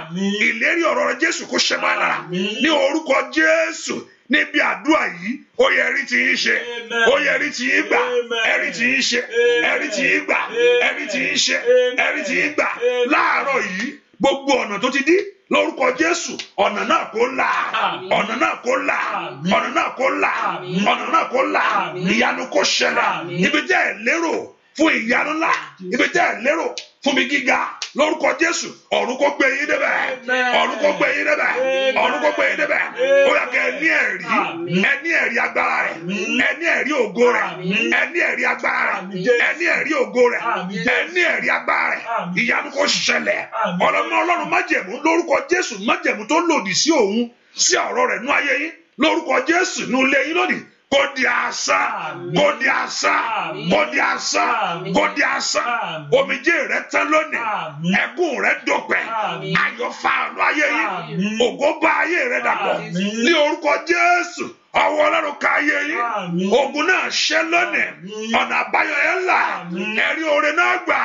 ìlérí ọ̀rọ̀ rẹ̀ jésù kó ṣẹ mọ́ yín lára ní orúkọ jésù níbi àdúrà yìí ó yẹ ẹrí tí yín ṣe ó yẹ ẹrí tí yín gbà ẹrí tí yín ṣe ẹrí tí yín gbà ẹrí tí yín ṣe ẹrí tí yín gbà láàárọ̀ yìí gbogbo ọ̀nà tó ti dí lórúkọ jésù ọ̀nà náà kó là ọ̀nà náà kó là ọ̀nà náà kó là ọ̀nà náà kó là ìyanu kó ṣẹlẹ̀ ibi tẹ́ lérò fún ìyanu ńlá ibi tẹ́ ẹ̀ lérò fún mi gíga lórúkọ jésù ọ̀run kó gbé yín débẹ̀ ọ̀run kó gbé yín débẹ̀ ọ̀run kó gbé yín débẹ̀ ó yà kẹ́ ẹ ní ẹ̀rí ẹ ní ẹ̀rí agbára rẹ̀ ẹ ní ẹ̀rí ògo rẹ̀ ẹ ní ẹ̀rí agbára rẹ̀ ẹ ní ẹ̀rí ògo rẹ̀ ẹ ní ẹ̀rí agbára rẹ̀ ìyanu kó ṣẹlẹ̀ ọlọ́mọ ọlọ́run májẹ̀mú lórúkọ jésù májẹ̀mú tó lòdì sí òun sí ọ̀rọ̀ rẹ̀ nú ayé yín lórúkọ jésù nú ilé yín lónìí Kodi asa Kodi asa Kodi asa bodi asa rẹ tán lónìí ẹkún rẹ dọpẹ ayọ̀ fa ayé yìí ògo ayé rẹ dàpọ̀ ní orúkọ Jésù ká ayé ogun náà ṣẹ́ lónìí ọ̀nà àbáyọ ẹ̀ là ẹ̀rí oore náà gbà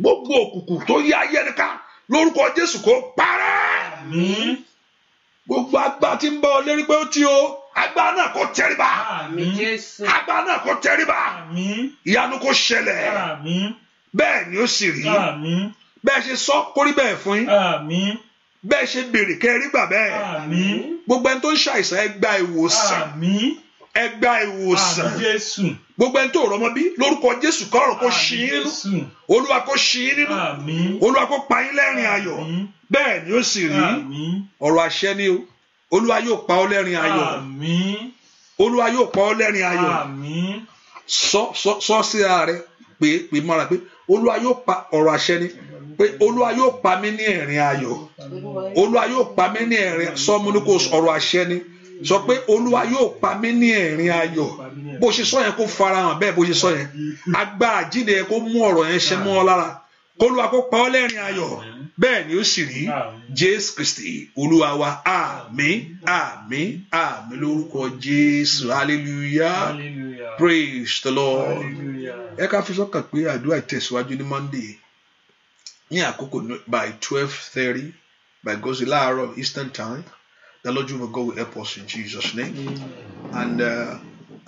gbogbo òkùnkùn tó yí ayé ẹni ká lórúkọ Jésù kó gbogbo agbá ti ń ti o. agbára náà kò tẹríba agbára náà kò tẹríba ìyanu kò ṣẹlẹ̀ bẹ́ẹ̀ ni ó sì rí bẹ́ẹ̀ ṣe sọ kórí bẹ́ẹ̀ fún yín bẹ́ẹ̀ ṣe béèrè kẹrí gbà bẹ́ẹ̀ gbogbo ẹni tó ń ṣàìsàn ẹ gba ìwòsàn ẹ gba ìwòsàn gbogbo ẹni tó rọmọ bí lórúkọ Jésù kọ́rọ̀ kó ṣí yín nínú Olúwa kó ṣí yín nínú Olúwa kó pa yín lẹ́rìn ayọ̀ bẹ́ẹ̀ ni ó sì rí ọ̀rọ̀ àṣẹ ni o olúwa yóò pa ọ́ lẹ́rìn ayọ̀ àmín olúwa yóò pa ọ́ lẹ́rìn ayọ̀ àmín sọ sọ sọ síra rẹ pé pé mọ́ra pé olúwa yóò pa ọ̀rọ̀ àṣẹ ni pé olúwa yóò pa mí ní ẹ̀rín ayọ̀ olúwa yóò pa mí ní ẹ̀rín sọmúnukó ọ̀rọ̀ àṣẹ ni sọ pé olúwa yóò pa mí ní ẹ̀rín ayọ̀ bó ṣe sọ yẹn kó farahàn bẹ́ẹ̀ bó ṣe sọ yẹn agbára jíde yẹn kó mú ọ̀rọ̀ yẹn ṣe mọ́ ọ lára kólúwa kó pa ọ́ lẹ́rìn ayọ̀ bẹ́ẹ̀ ni ó sì rí jésù kristi olúwa wa àmín àmín lórúkọ jésù hallelujah praise the lord ẹ ká fi sọ́kàn pé àdúrà ìtẹ̀síwájú ní monday ní àkókò by twelve thirty by gosi láàárọ̀ eastern time the lord jehovah god will help us in jesus name and uh,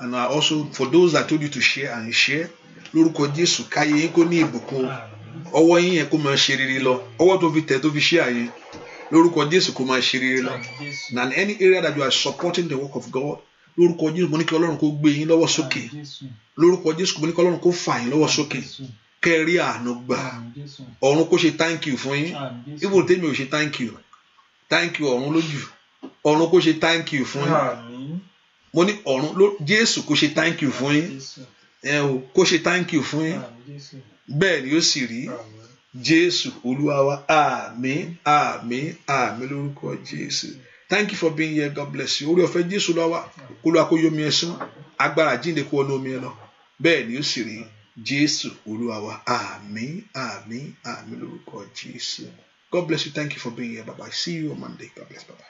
and also for those that told you to share and share lórúkọ jésù káyé yín kó ní ìbùkún ọwọ́ yín yẹn kó máa ṣe rere lọ ọwọ́ tó fi tẹ̀ tó fi ṣe àyẹn lórúkọ Jésù kó máa ṣe rere lọ na any area that you are supporting the work of God lórúkọ Jésù mo ní kí Ọlọ́run kó gbé yín lọ́wọ́ sókè lórúkọ Jésù mo ní kí Ọlọ́run kó fà yín lọ́wọ́ sókè kẹrí àánú gbà ọ̀run kó ṣe thank you fún yín ibo tèmi ò ṣe thank you thank you ọ̀run lójú ọ̀run kó ṣe thank you fún yín mo ní ọ̀run Jésù kó ṣe thank you fún yín o kó ṣe thank you fún yín bẹ́ẹ̀ ni ó sì rí jésù olúwa wa àmín àmín àmín lórúkọ jésù thank you for being here god bless you orí ọ̀fẹ́ jésù lọ́wọ́ olúwa kó yomi ẹ sún agbára jíǹde kó ọ̀nà omi ẹ lọ bẹ́ẹ̀ ni ó sì rí jésù olúwa wa àmín àmín lórúkọ jésù god bless you thank you for being here bye bye see you on monday god bless bye bye.